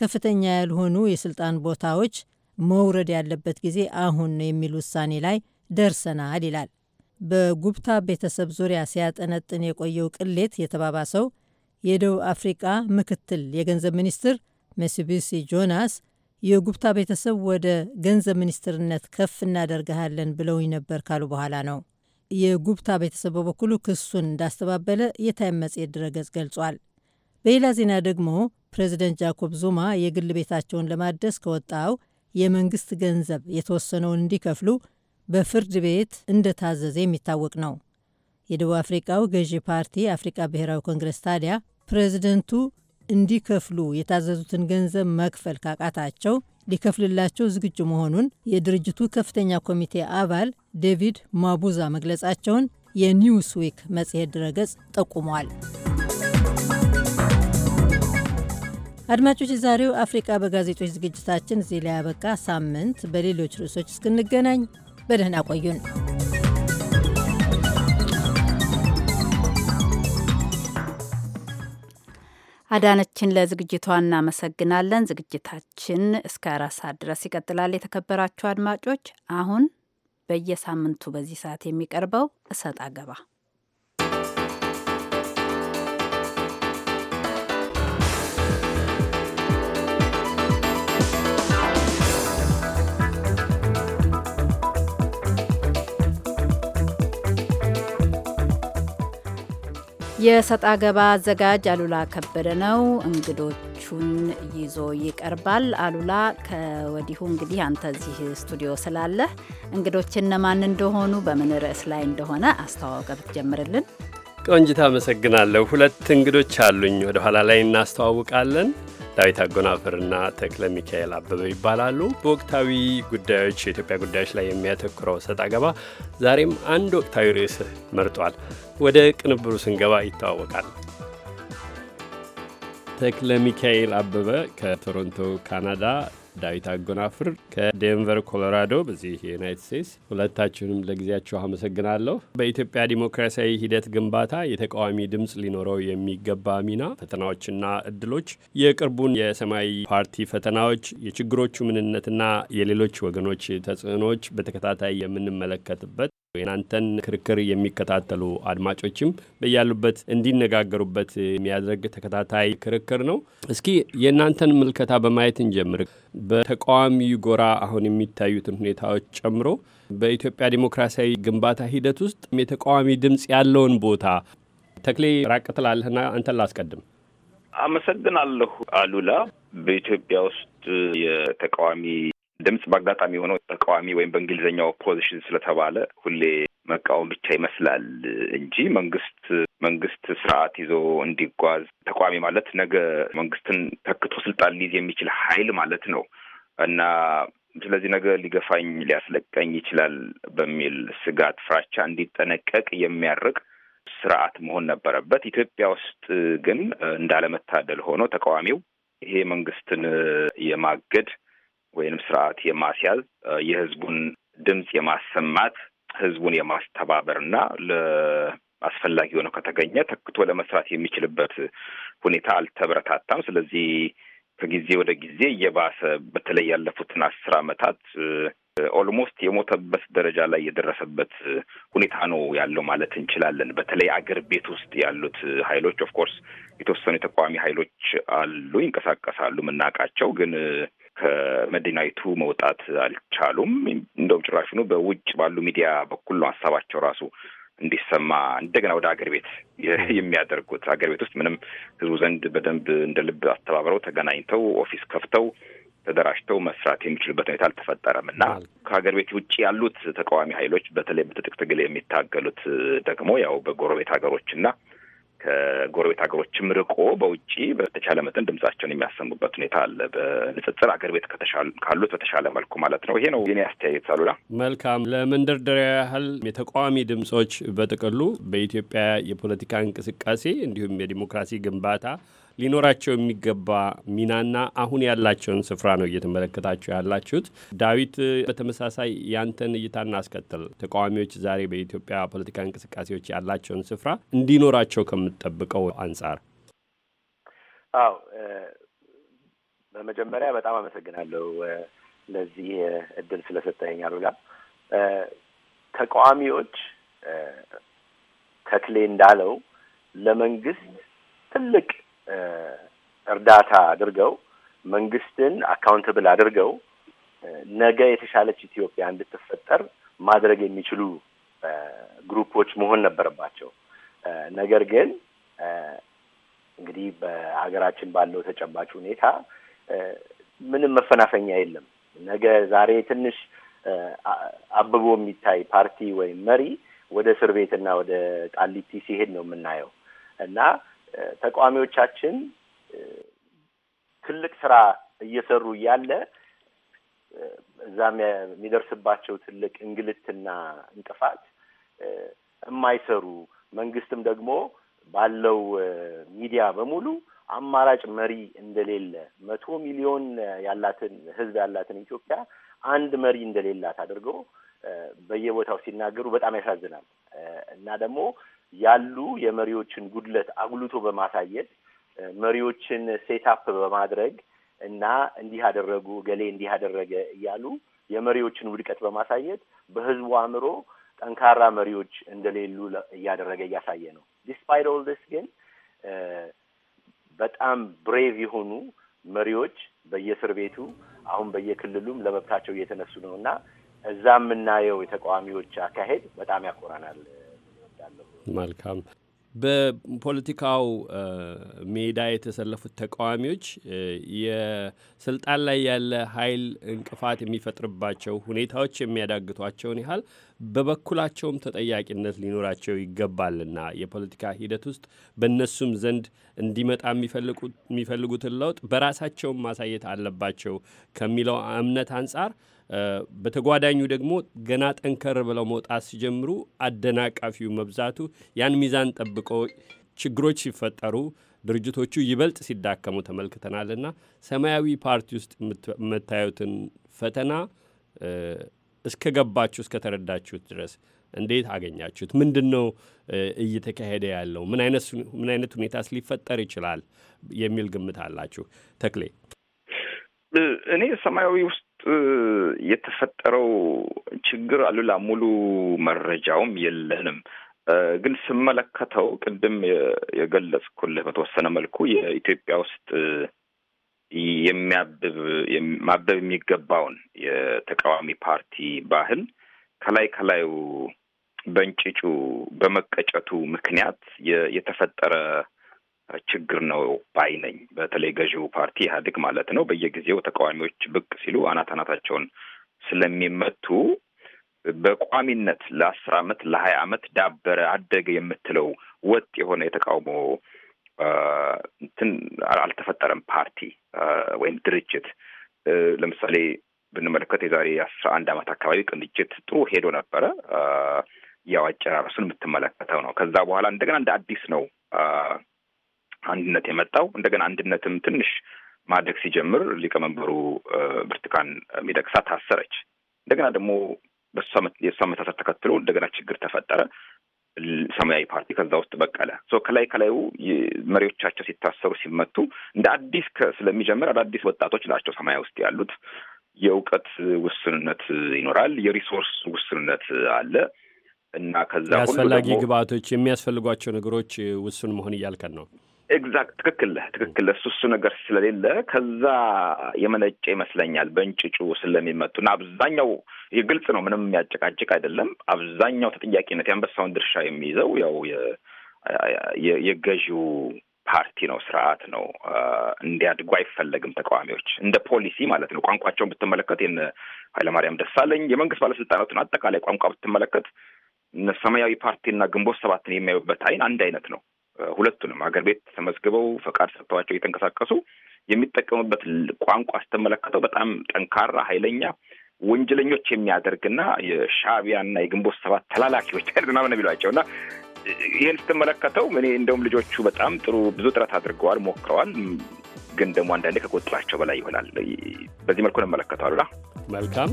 ከፍተኛ ያልሆኑ የስልጣን ቦታዎች መውረድ ያለበት ጊዜ አሁን ነው የሚል ውሳኔ ላይ ደርሰናል ይላል። በጉብታ ቤተሰብ ዙሪያ ሲያጠነጥን የቆየው ቅሌት የተባባሰው የደቡብ አፍሪቃ ምክትል የገንዘብ ሚኒስትር መስቢሲ ጆናስ የጉብታ ቤተሰብ ወደ ገንዘብ ሚኒስትርነት ከፍ እናደርግሃለን ብለውኝ ነበር ካሉ በኋላ ነው። የጉብታ ቤተሰብ በበኩሉ ክሱን እንዳስተባበለ የታይም መጽሔት ድረገጽ ገልጿል። በሌላ ዜና ደግሞ ፕሬዚደንት ጃኮብ ዙማ የግል ቤታቸውን ለማደስ ከወጣው የመንግስት ገንዘብ የተወሰነውን እንዲከፍሉ በፍርድ ቤት እንደታዘዘ የሚታወቅ ነው። የደቡብ አፍሪቃው ገዢ ፓርቲ አፍሪቃ ብሔራዊ ኮንግረስ ታዲያ ፕሬዚደንቱ እንዲከፍሉ የታዘዙትን ገንዘብ መክፈል ካቃታቸው ሊከፍልላቸው ዝግጁ መሆኑን የድርጅቱ ከፍተኛ ኮሚቴ አባል ዴቪድ ማቡዛ መግለጻቸውን የኒውስ ዊክ መጽሔት ድረገጽ ጠቁሟል። አድማጮች፣ የዛሬው አፍሪቃ በጋዜጦች ዝግጅታችን እዚህ ላይ ያበቃ። ሳምንት በሌሎች ርዕሶች እስክንገናኝ በደህና ቆዩን። አዳነችን ለዝግጅቷ እናመሰግናለን። ዝግጅታችን እስከ አራት ሰዓት ድረስ ይቀጥላል። የተከበራችሁ አድማጮች አሁን በየሳምንቱ በዚህ ሰዓት የሚቀርበው እሰጥ አገባ የሰጣ ገባ አዘጋጅ አሉላ ከበደ ነው። እንግዶቹን ይዞ ይቀርባል። አሉላ ከወዲሁ እንግዲህ አንተ እዚህ ስቱዲዮ ስላለህ እንግዶች እነማን እንደሆኑ በምን ርዕስ ላይ እንደሆነ አስተዋወቀ ብትጀምርልን። ቆንጅታ፣ አመሰግናለሁ። ሁለት እንግዶች አሉኝ፣ ወደ ኋላ ላይ እናስተዋውቃለን። ዳዊት አጎናፍርና ተክለ ሚካኤል አበበ ይባላሉ። በወቅታዊ ጉዳዮች የኢትዮጵያ ጉዳዮች ላይ የሚያተኩረው ሰጥ አገባ ዛሬም አንድ ወቅታዊ ርዕስ መርጧል። ወደ ቅንብሩ ስንገባ ይተዋወቃል። ተክለ ሚካኤል አበበ ከቶሮንቶ ካናዳ ዳዊት አጎናፍር ከዴንቨር ኮሎራዶ፣ በዚህ የዩናይትድ ስቴትስ። ሁለታችሁንም ለጊዜያችሁ አመሰግናለሁ። በኢትዮጵያ ዲሞክራሲያዊ ሂደት ግንባታ የተቃዋሚ ድምፅ ሊኖረው የሚገባ ሚና፣ ፈተናዎችና እድሎች፣ የቅርቡን የሰማያዊ ፓርቲ ፈተናዎች፣ የችግሮቹ ምንነትና የሌሎች ወገኖች ተጽዕኖዎች በተከታታይ የምንመለከትበት የናንተን ክርክር የሚከታተሉ አድማጮችም በያሉበት እንዲነጋገሩበት የሚያደርግ ተከታታይ ክርክር ነው። እስኪ የእናንተን ምልከታ በማየት እንጀምር። በተቃዋሚ ጎራ አሁን የሚታዩትን ሁኔታዎች ጨምሮ በኢትዮጵያ ዲሞክራሲያዊ ግንባታ ሂደት ውስጥ የተቃዋሚ ድምፅ ያለውን ቦታ ተክሌ ራቅ ትላለህና አንተን ላስቀድም። አመሰግናለሁ አሉላ። በኢትዮጵያ ውስጥ የተቃዋሚ ድምፅ በአጋጣሚ የሆነው ተቃዋሚ ወይም በእንግሊዝኛው ኦፖዚሽን ስለተባለ ሁሌ መቃወም ብቻ ይመስላል እንጂ መንግስት መንግስት ስርዓት ይዞ እንዲጓዝ ተቃዋሚ ማለት ነገ መንግስትን ተክቶ ስልጣን ሊይዝ የሚችል ኃይል ማለት ነው እና ስለዚህ ነገ ሊገፋኝ ሊያስለቀኝ ይችላል በሚል ስጋት ፍራቻ እንዲጠነቀቅ የሚያርቅ ስርዓት መሆን ነበረበት። ኢትዮጵያ ውስጥ ግን እንዳለመታደል ሆኖ ተቃዋሚው ይሄ መንግስትን የማገድ ወይንም ስርዓት የማስያዝ የህዝቡን ድምፅ የማሰማት ህዝቡን የማስተባበር እና አስፈላጊ ሆነው ከተገኘ ተክቶ ለመስራት የሚችልበት ሁኔታ አልተበረታታም። ስለዚህ ከጊዜ ወደ ጊዜ እየባሰ በተለይ ያለፉትን አስር አመታት ኦልሞስት የሞተበት ደረጃ ላይ የደረሰበት ሁኔታ ነው ያለው ማለት እንችላለን። በተለይ አገር ቤት ውስጥ ያሉት ኃይሎች ኦፍኮርስ የተወሰኑ የተቃዋሚ ኃይሎች አሉ፣ ይንቀሳቀሳሉ፣ የምናውቃቸው ግን ከመዲናይቱ መውጣት አልቻሉም። እንደውም ጭራሹኑ በውጭ ባሉ ሚዲያ በኩል ነው ሀሳባቸው ራሱ እንዲሰማ እንደገና ወደ አገር ቤት የሚያደርጉት። አገር ቤት ውስጥ ምንም ህዝቡ ዘንድ በደንብ እንደ ልብ አስተባብረው ተገናኝተው ኦፊስ ከፍተው ተደራጅተው መስራት የሚችሉበት ሁኔታ አልተፈጠረም እና ከሀገር ቤት ውጭ ያሉት ተቃዋሚ ኃይሎች በተለይ በትጥቅ ትግል የሚታገሉት ደግሞ ያው በጎረቤት ሀገሮች እና ከጎረቤት ሀገሮችም ርቆ በውጭ በተቻለ መጠን ድምጻቸውን የሚያሰሙበት ሁኔታ አለ። በንጽጽር አገር ቤት ካሉት በተሻለ መልኩ ማለት ነው። ይሄ ነው የኔ አስተያየት። አሉላ መልካም። ለመንደርደሪያ ያህል የተቃዋሚ ድምጾች በጥቅሉ በኢትዮጵያ የፖለቲካ እንቅስቃሴ እንዲሁም የዲሞክራሲ ግንባታ ሊኖራቸው የሚገባ ሚናና አሁን ያላቸውን ስፍራ ነው እየተመለከታችሁ ያላችሁት። ዳዊት፣ በተመሳሳይ ያንተን እይታ እናስከትል። ተቃዋሚዎች ዛሬ በኢትዮጵያ ፖለቲካ እንቅስቃሴዎች ያላቸውን ስፍራ እንዲኖራቸው ከምትጠብቀው አንጻር። አዎ፣ በመጀመሪያ በጣም አመሰግናለሁ ለዚህ እድል ስለሰጠኝ አሉላ። ተቃዋሚዎች ተክሌ እንዳለው ለመንግስት ትልቅ እርዳታ አድርገው መንግስትን አካውንተብል አድርገው ነገ የተሻለች ኢትዮጵያ እንድትፈጠር ማድረግ የሚችሉ ግሩፖች መሆን ነበረባቸው። ነገር ግን እንግዲህ በሀገራችን ባለው ተጨባጭ ሁኔታ ምንም መፈናፈኛ የለም። ነገ ዛሬ ትንሽ አብቦ የሚታይ ፓርቲ ወይም መሪ ወደ እስር ቤትና ወደ ቃሊቲ ሲሄድ ነው የምናየው እና ተቃዋሚዎቻችን ትልቅ ስራ እየሰሩ እያለ እዛም የሚደርስባቸው ትልቅ እንግልትና እንቅፋት የማይሰሩ መንግስትም ደግሞ ባለው ሚዲያ በሙሉ አማራጭ መሪ እንደሌለ መቶ ሚሊዮን ያላትን ህዝብ ያላትን ኢትዮጵያ አንድ መሪ እንደሌላት አድርገው በየቦታው ሲናገሩ በጣም ያሳዝናል እና ደግሞ ያሉ የመሪዎችን ጉድለት አጉልቶ በማሳየት መሪዎችን ሴታፕ በማድረግ እና እንዲህ አደረጉ ገሌ እንዲህ አደረገ እያሉ የመሪዎችን ውድቀት በማሳየት በህዝቡ አእምሮ ጠንካራ መሪዎች እንደሌሉ እያደረገ እያሳየ ነው። ዲስፓይት ኦል ዲስ ግን በጣም ብሬቭ የሆኑ መሪዎች በየእስር ቤቱ አሁን በየክልሉም ለመብታቸው እየተነሱ ነው እና እዛ የምናየው የተቃዋሚዎች አካሄድ በጣም ያኮራናል። መልካም። በፖለቲካው ሜዳ የተሰለፉት ተቃዋሚዎች የስልጣን ላይ ያለ ኃይል እንቅፋት የሚፈጥርባቸው ሁኔታዎች የሚያዳግቷቸውን ያህል በበኩላቸውም ተጠያቂነት ሊኖራቸው ይገባልና የፖለቲካ ሂደት ውስጥ በእነሱም ዘንድ እንዲመጣ የሚፈልጉትን ለውጥ በራሳቸውም ማሳየት አለባቸው ከሚለው እምነት አንጻር በተጓዳኙ ደግሞ ገና ጠንከር ብለው መውጣት ሲጀምሩ አደናቃፊው መብዛቱ ያን ሚዛን ጠብቆ ችግሮች ሲፈጠሩ ድርጅቶቹ ይበልጥ ሲዳከሙ ተመልክተናልና ሰማያዊ ፓርቲ ውስጥ የምታዩትን ፈተና እስከ ገባችሁ እስከ ተረዳችሁት ድረስ እንዴት አገኛችሁት? ምንድን ነው እየተካሄደ ያለው? ምን አይነት ሁኔታስ ሊፈጠር ይችላል የሚል ግምት አላችሁ? ተክሌ። እኔ ሰማያዊ ውስጥ የተፈጠረው ችግር አሉላ፣ ሙሉ መረጃውም የለንም ግን ስመለከተው ቅድም የገለጽኩልህ በተወሰነ መልኩ የኢትዮጵያ ውስጥ የሚያብብ ማበብ የሚገባውን የተቃዋሚ ፓርቲ ባህል ከላይ ከላዩ በእንጭጩ በመቀጨቱ ምክንያት የተፈጠረ ችግር ነው ባይ ነኝ። በተለይ ገዢው ፓርቲ ኢህአዴግ ማለት ነው። በየጊዜው ተቃዋሚዎች ብቅ ሲሉ አናት አናታቸውን ስለሚመቱ በቋሚነት ለአስር አመት ለሀያ አመት ዳበረ አደገ የምትለው ወጥ የሆነ የተቃውሞ እንትን አልተፈጠረም። ፓርቲ ወይም ድርጅት ለምሳሌ ብንመለከት የዛሬ አስራ አንድ ዓመት አካባቢ ቅንጅት ጥሩ ሄዶ ነበረ። ያው አጨራረሱን የምትመለከተው ነው። ከዛ በኋላ እንደገና እንደ አዲስ ነው አንድነት የመጣው። እንደገና አንድነትም ትንሽ ማደግ ሲጀምር ሊቀመንበሩ ብርቱካን ሚደቅሳ ታሰረች። እንደገና ደግሞ በእሷ መታሰር ተከትሎ እንደገና ችግር ተፈጠረ። ሰማያዊ ፓርቲ ከዛ ውስጥ በቀለ ከላይ ከላዩ መሪዎቻቸው ሲታሰሩ ሲመቱ እንደ አዲስ ስለሚጀምር አዳዲስ ወጣቶች ናቸው ሰማያዊ ውስጥ ያሉት። የእውቀት ውስንነት ይኖራል። የሪሶርስ ውስንነት አለ እና ከዛ ሁሉ አስፈላጊ ግብአቶች የሚያስፈልጓቸው ነገሮች ውሱን መሆን እያልከን ነው። ኤግዛክት ትክክል ትክክል። እሱ እሱ ነገር ስለሌለ ከዛ የመነጨ ይመስለኛል በእንጭጩ እና አብዛኛው ግልጽ ነው፣ ምንም የሚያጨቃጭቅ አይደለም። አብዛኛው ተጠያቂነት የአንበሳውን ድርሻ የሚይዘው ያው የገዢው ፓርቲ ነው፣ ስርዓት ነው። እንዲያድጉ አይፈለግም ተቃዋሚዎች እንደ ፖሊሲ ማለት ነው። ቋንቋቸውን ብትመለከት የነ ኃይለማርያም ደሳለኝ የመንግስት ባለስልጣናቱን አጠቃላይ ቋንቋ ብትመለከት ሰማያዊ ፓርቲና ግንቦት ሰባትን የሚያዩበት አይን አንድ አይነት ነው። ሁለቱንም አገር ቤት ተመዝግበው ፈቃድ ሰጥተዋቸው እየተንቀሳቀሱ የሚጠቀሙበት ቋንቋ ስትመለከተው በጣም ጠንካራ ኃይለኛ ወንጀለኞች የሚያደርግና የሻዕቢያና የግንቦት ሰባት ተላላኪዎች ምናምን የሚሏቸው እና ይህን ስትመለከተው እኔ እንደውም ልጆቹ በጣም ጥሩ ብዙ ጥረት አድርገዋል፣ ሞክረዋል። ግን ደግሞ አንዳንዴ ከቆጥራቸው በላይ ይሆናል። በዚህ መልኩ ነው መልካም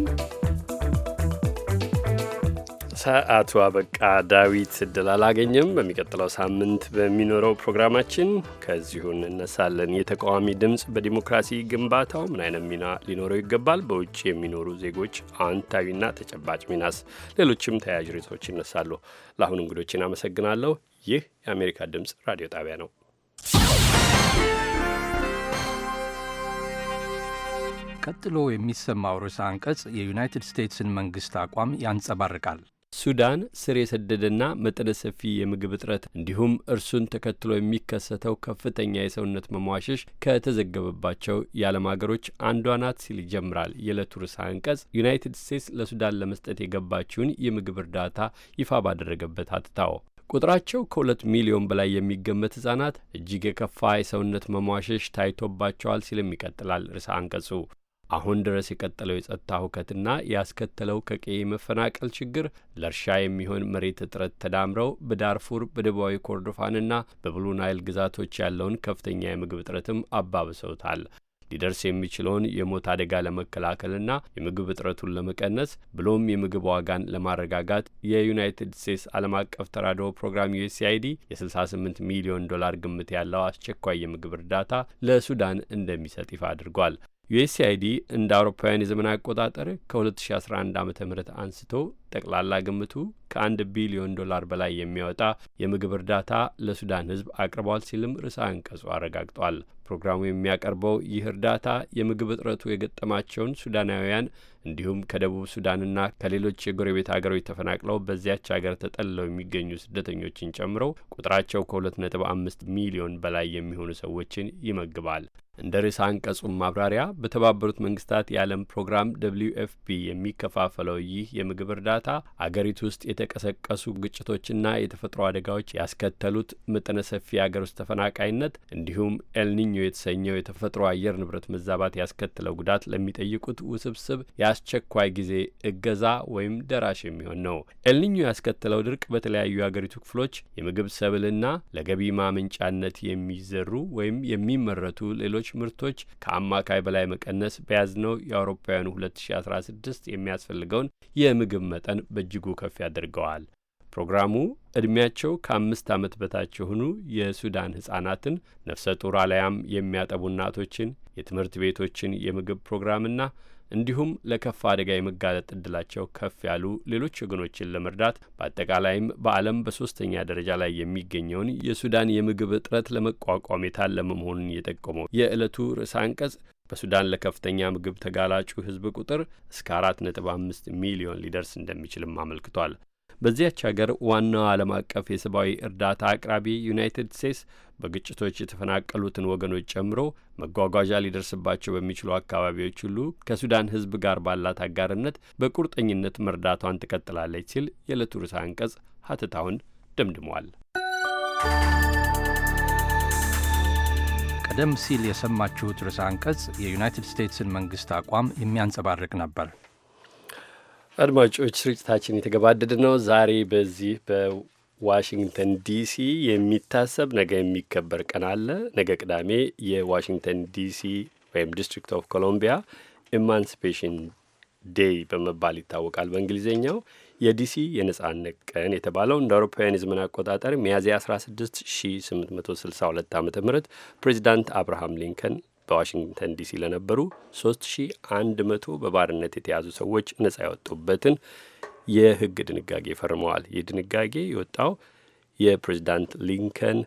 አቶ አበቃ ዳዊት እድል አላገኘም። በሚቀጥለው ሳምንት በሚኖረው ፕሮግራማችን ከዚሁ እንነሳለን። የተቃዋሚ ድምፅ በዲሞክራሲ ግንባታው ምን አይነት ሚና ሊኖረው ይገባል? በውጭ የሚኖሩ ዜጎች አዎንታዊና ተጨባጭ ሚናስ? ሌሎችም ተያያዥ ርዕሶች ይነሳሉ። ለአሁኑ እንግዶችን አመሰግናለሁ። ይህ የአሜሪካ ድምፅ ራዲዮ ጣቢያ ነው። ቀጥሎ የሚሰማው ርዕሰ አንቀጽ የዩናይትድ ስቴትስን መንግሥት አቋም ያንጸባርቃል። ሱዳን ስር የሰደደና መጠነ ሰፊ የምግብ እጥረት እንዲሁም እርሱን ተከትሎ የሚከሰተው ከፍተኛ የሰውነት መሟሸሽ ከተዘገበባቸው የዓለም ሀገሮች አንዷ ናት ሲል ይጀምራል የዕለቱ ርዕሰ አንቀጽ ዩናይትድ ስቴትስ ለሱዳን ለመስጠት የገባችውን የምግብ እርዳታ ይፋ ባደረገበት አትታው። ቁጥራቸው ከሁለት ሚሊዮን በላይ የሚገመት ህጻናት እጅግ የከፋ የሰውነት መሟሸሽ ታይቶባቸዋል ሲልም ይቀጥላል ርዕሰ አንቀጹ አሁን ድረስ የቀጠለው የጸጥታ ሁከትና ያስከተለው ከቀይ መፈናቀል ችግር ለእርሻ የሚሆን መሬት እጥረት ተዳምረው በዳርፉር በደቡባዊ ኮርዶፋንና በብሉ ናይል ግዛቶች ያለውን ከፍተኛ የምግብ እጥረትም አባብሰውታል። ሊደርስ የሚችለውን የሞት አደጋ ለመከላከልና የምግብ እጥረቱን ለመቀነስ ብሎም የምግብ ዋጋን ለማረጋጋት የዩናይትድ ስቴትስ ዓለም አቀፍ ተራድኦ ፕሮግራም ዩኤስአይዲ የ68 ሚሊዮን ዶላር ግምት ያለው አስቸኳይ የምግብ እርዳታ ለሱዳን እንደሚሰጥ ይፋ አድርጓል። ዩኤስአይዲ እንደ አውሮፓውያን የዘመን አቆጣጠር ከ2011 ዓ ም አንስቶ ጠቅላላ ግምቱ ከአንድ ቢሊዮን ዶላር በላይ የሚያወጣ የምግብ እርዳታ ለሱዳን ሕዝብ አቅርቧል ሲልም ርዕሰ አንቀጹ አረጋግጧል። ፕሮግራሙ የሚያቀርበው ይህ እርዳታ የምግብ እጥረቱ የገጠማቸውን ሱዳናውያን እንዲሁም ከደቡብ ሱዳንና ከሌሎች የጎረቤት ሀገሮች ተፈናቅለው በዚያች ሀገር ተጠልለው የሚገኙ ስደተኞችን ጨምሮ ቁጥራቸው ከሁለት ነጥብ አምስት ሚሊዮን በላይ የሚሆኑ ሰዎችን ይመግባል። እንደ ርዕሰ አንቀጹ ማብራሪያ በተባበሩት መንግስታት የዓለም ፕሮግራም ደብልዩ ኤፍ ፒ የሚከፋፈለው ይህ የምግብ እርዳታ እርዳታ አገሪቱ ውስጥ የተቀሰቀሱ ግጭቶችና የተፈጥሮ አደጋዎች ያስከተሉት መጠነ ሰፊ የአገር ውስጥ ተፈናቃይነት እንዲሁም ኤልኒኞ የተሰኘው የተፈጥሮ አየር ንብረት መዛባት ያስከተለው ጉዳት ለሚጠይቁት ውስብስብ የአስቸኳይ ጊዜ እገዛ ወይም ደራሽ የሚሆን ነው። ኤልኒኞ ያስከተለው ድርቅ በተለያዩ የአገሪቱ ክፍሎች የምግብ ሰብልና ለገቢ ማመንጫነት የሚዘሩ ወይም የሚመረቱ ሌሎች ምርቶች ከአማካይ በላይ መቀነስ በያዝነው የአውሮፓውያኑ 2016 የሚያስፈልገውን የምግብ መጠን መጠን በእጅጉ ከፍ ያደርገዋል። ፕሮግራሙ ዕድሜያቸው ከአምስት ዓመት በታች የሆኑ የሱዳን ሕፃናትን፣ ነፍሰ ጡር አልያም የሚያጠቡ እናቶችን፣ የትምህርት ቤቶችን የምግብ ፕሮግራምና እንዲሁም ለከፍ አደጋ የመጋለጥ ዕድላቸው ከፍ ያሉ ሌሎች ወገኖችን ለመርዳት በአጠቃላይም በዓለም በሶስተኛ ደረጃ ላይ የሚገኘውን የሱዳን የምግብ እጥረት ለመቋቋም የታለመ መሆኑን የጠቆመው የዕለቱ ርዕሰ አንቀጽ በሱዳን ለከፍተኛ ምግብ ተጋላጩ ህዝብ ቁጥር እስከ አራት ነጥብ አምስት ሚሊዮን ሊደርስ እንደሚችልም አመልክቷል። በዚያች ሀገር ዋናው ዓለም አቀፍ የሰብአዊ እርዳታ አቅራቢ ዩናይትድ ስቴትስ በግጭቶች የተፈናቀሉትን ወገኖች ጨምሮ መጓጓዣ ሊደርስባቸው በሚችሉ አካባቢዎች ሁሉ ከሱዳን ህዝብ ጋር ባላት አጋርነት በቁርጠኝነት መርዳቷን ትቀጥላለች ሲል የዕለቱ ርዕሰ አንቀጽ ሀተታውን ደምድሟል። ቀደም ሲል የሰማችሁት ርዕሰ አንቀጽ የዩናይትድ ስቴትስን መንግስት አቋም የሚያንጸባርቅ ነበር። አድማጮች፣ ስርጭታችን የተገባደደ ነው። ዛሬ በዚህ በዋሽንግተን ዲሲ የሚታሰብ ነገ የሚከበር ቀን አለ። ነገ ቅዳሜ የዋሽንግተን ዲሲ ወይም ዲስትሪክት ኦፍ ኮሎምቢያ ኢማንሲፔሽን ዴይ በመባል ይታወቃል በእንግሊዝኛው። የዲሲ የነጻነት ቀን የተባለው እንደ አውሮፓውያን የዘመን አቆጣጠር ሚያዝያ 16 1862 ዓ ም ፕሬዚዳንት አብርሃም ሊንከን በዋሽንግተን ዲሲ ለነበሩ 3100 በባርነት የተያዙ ሰዎች ነጻ ያወጡበትን የህግ ድንጋጌ ፈርመዋል። ይህ ድንጋጌ የወጣው የፕሬዚዳንት ሊንከን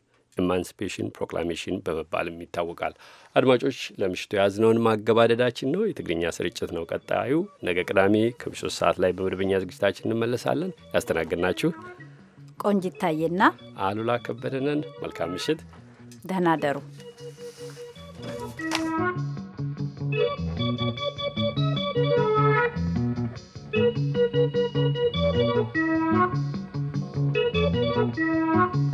ኢማንሲፔሽን ፕሮክላሜሽን በመባልም ይታወቃል። አድማጮች ለምሽቱ የያዝነውን ማገባደዳችን ነው። የትግርኛ ስርጭት ነው ቀጣዩ። ነገ ቅዳሜ ከምሽቱ ሰዓት ላይ በመደበኛ ዝግጅታችን እንመለሳለን። ያስተናግድናችሁ ቆንጅ ታዬና አሉላ ከበደነን። መልካም ምሽት፣ ደህና ደሩ። Thank you.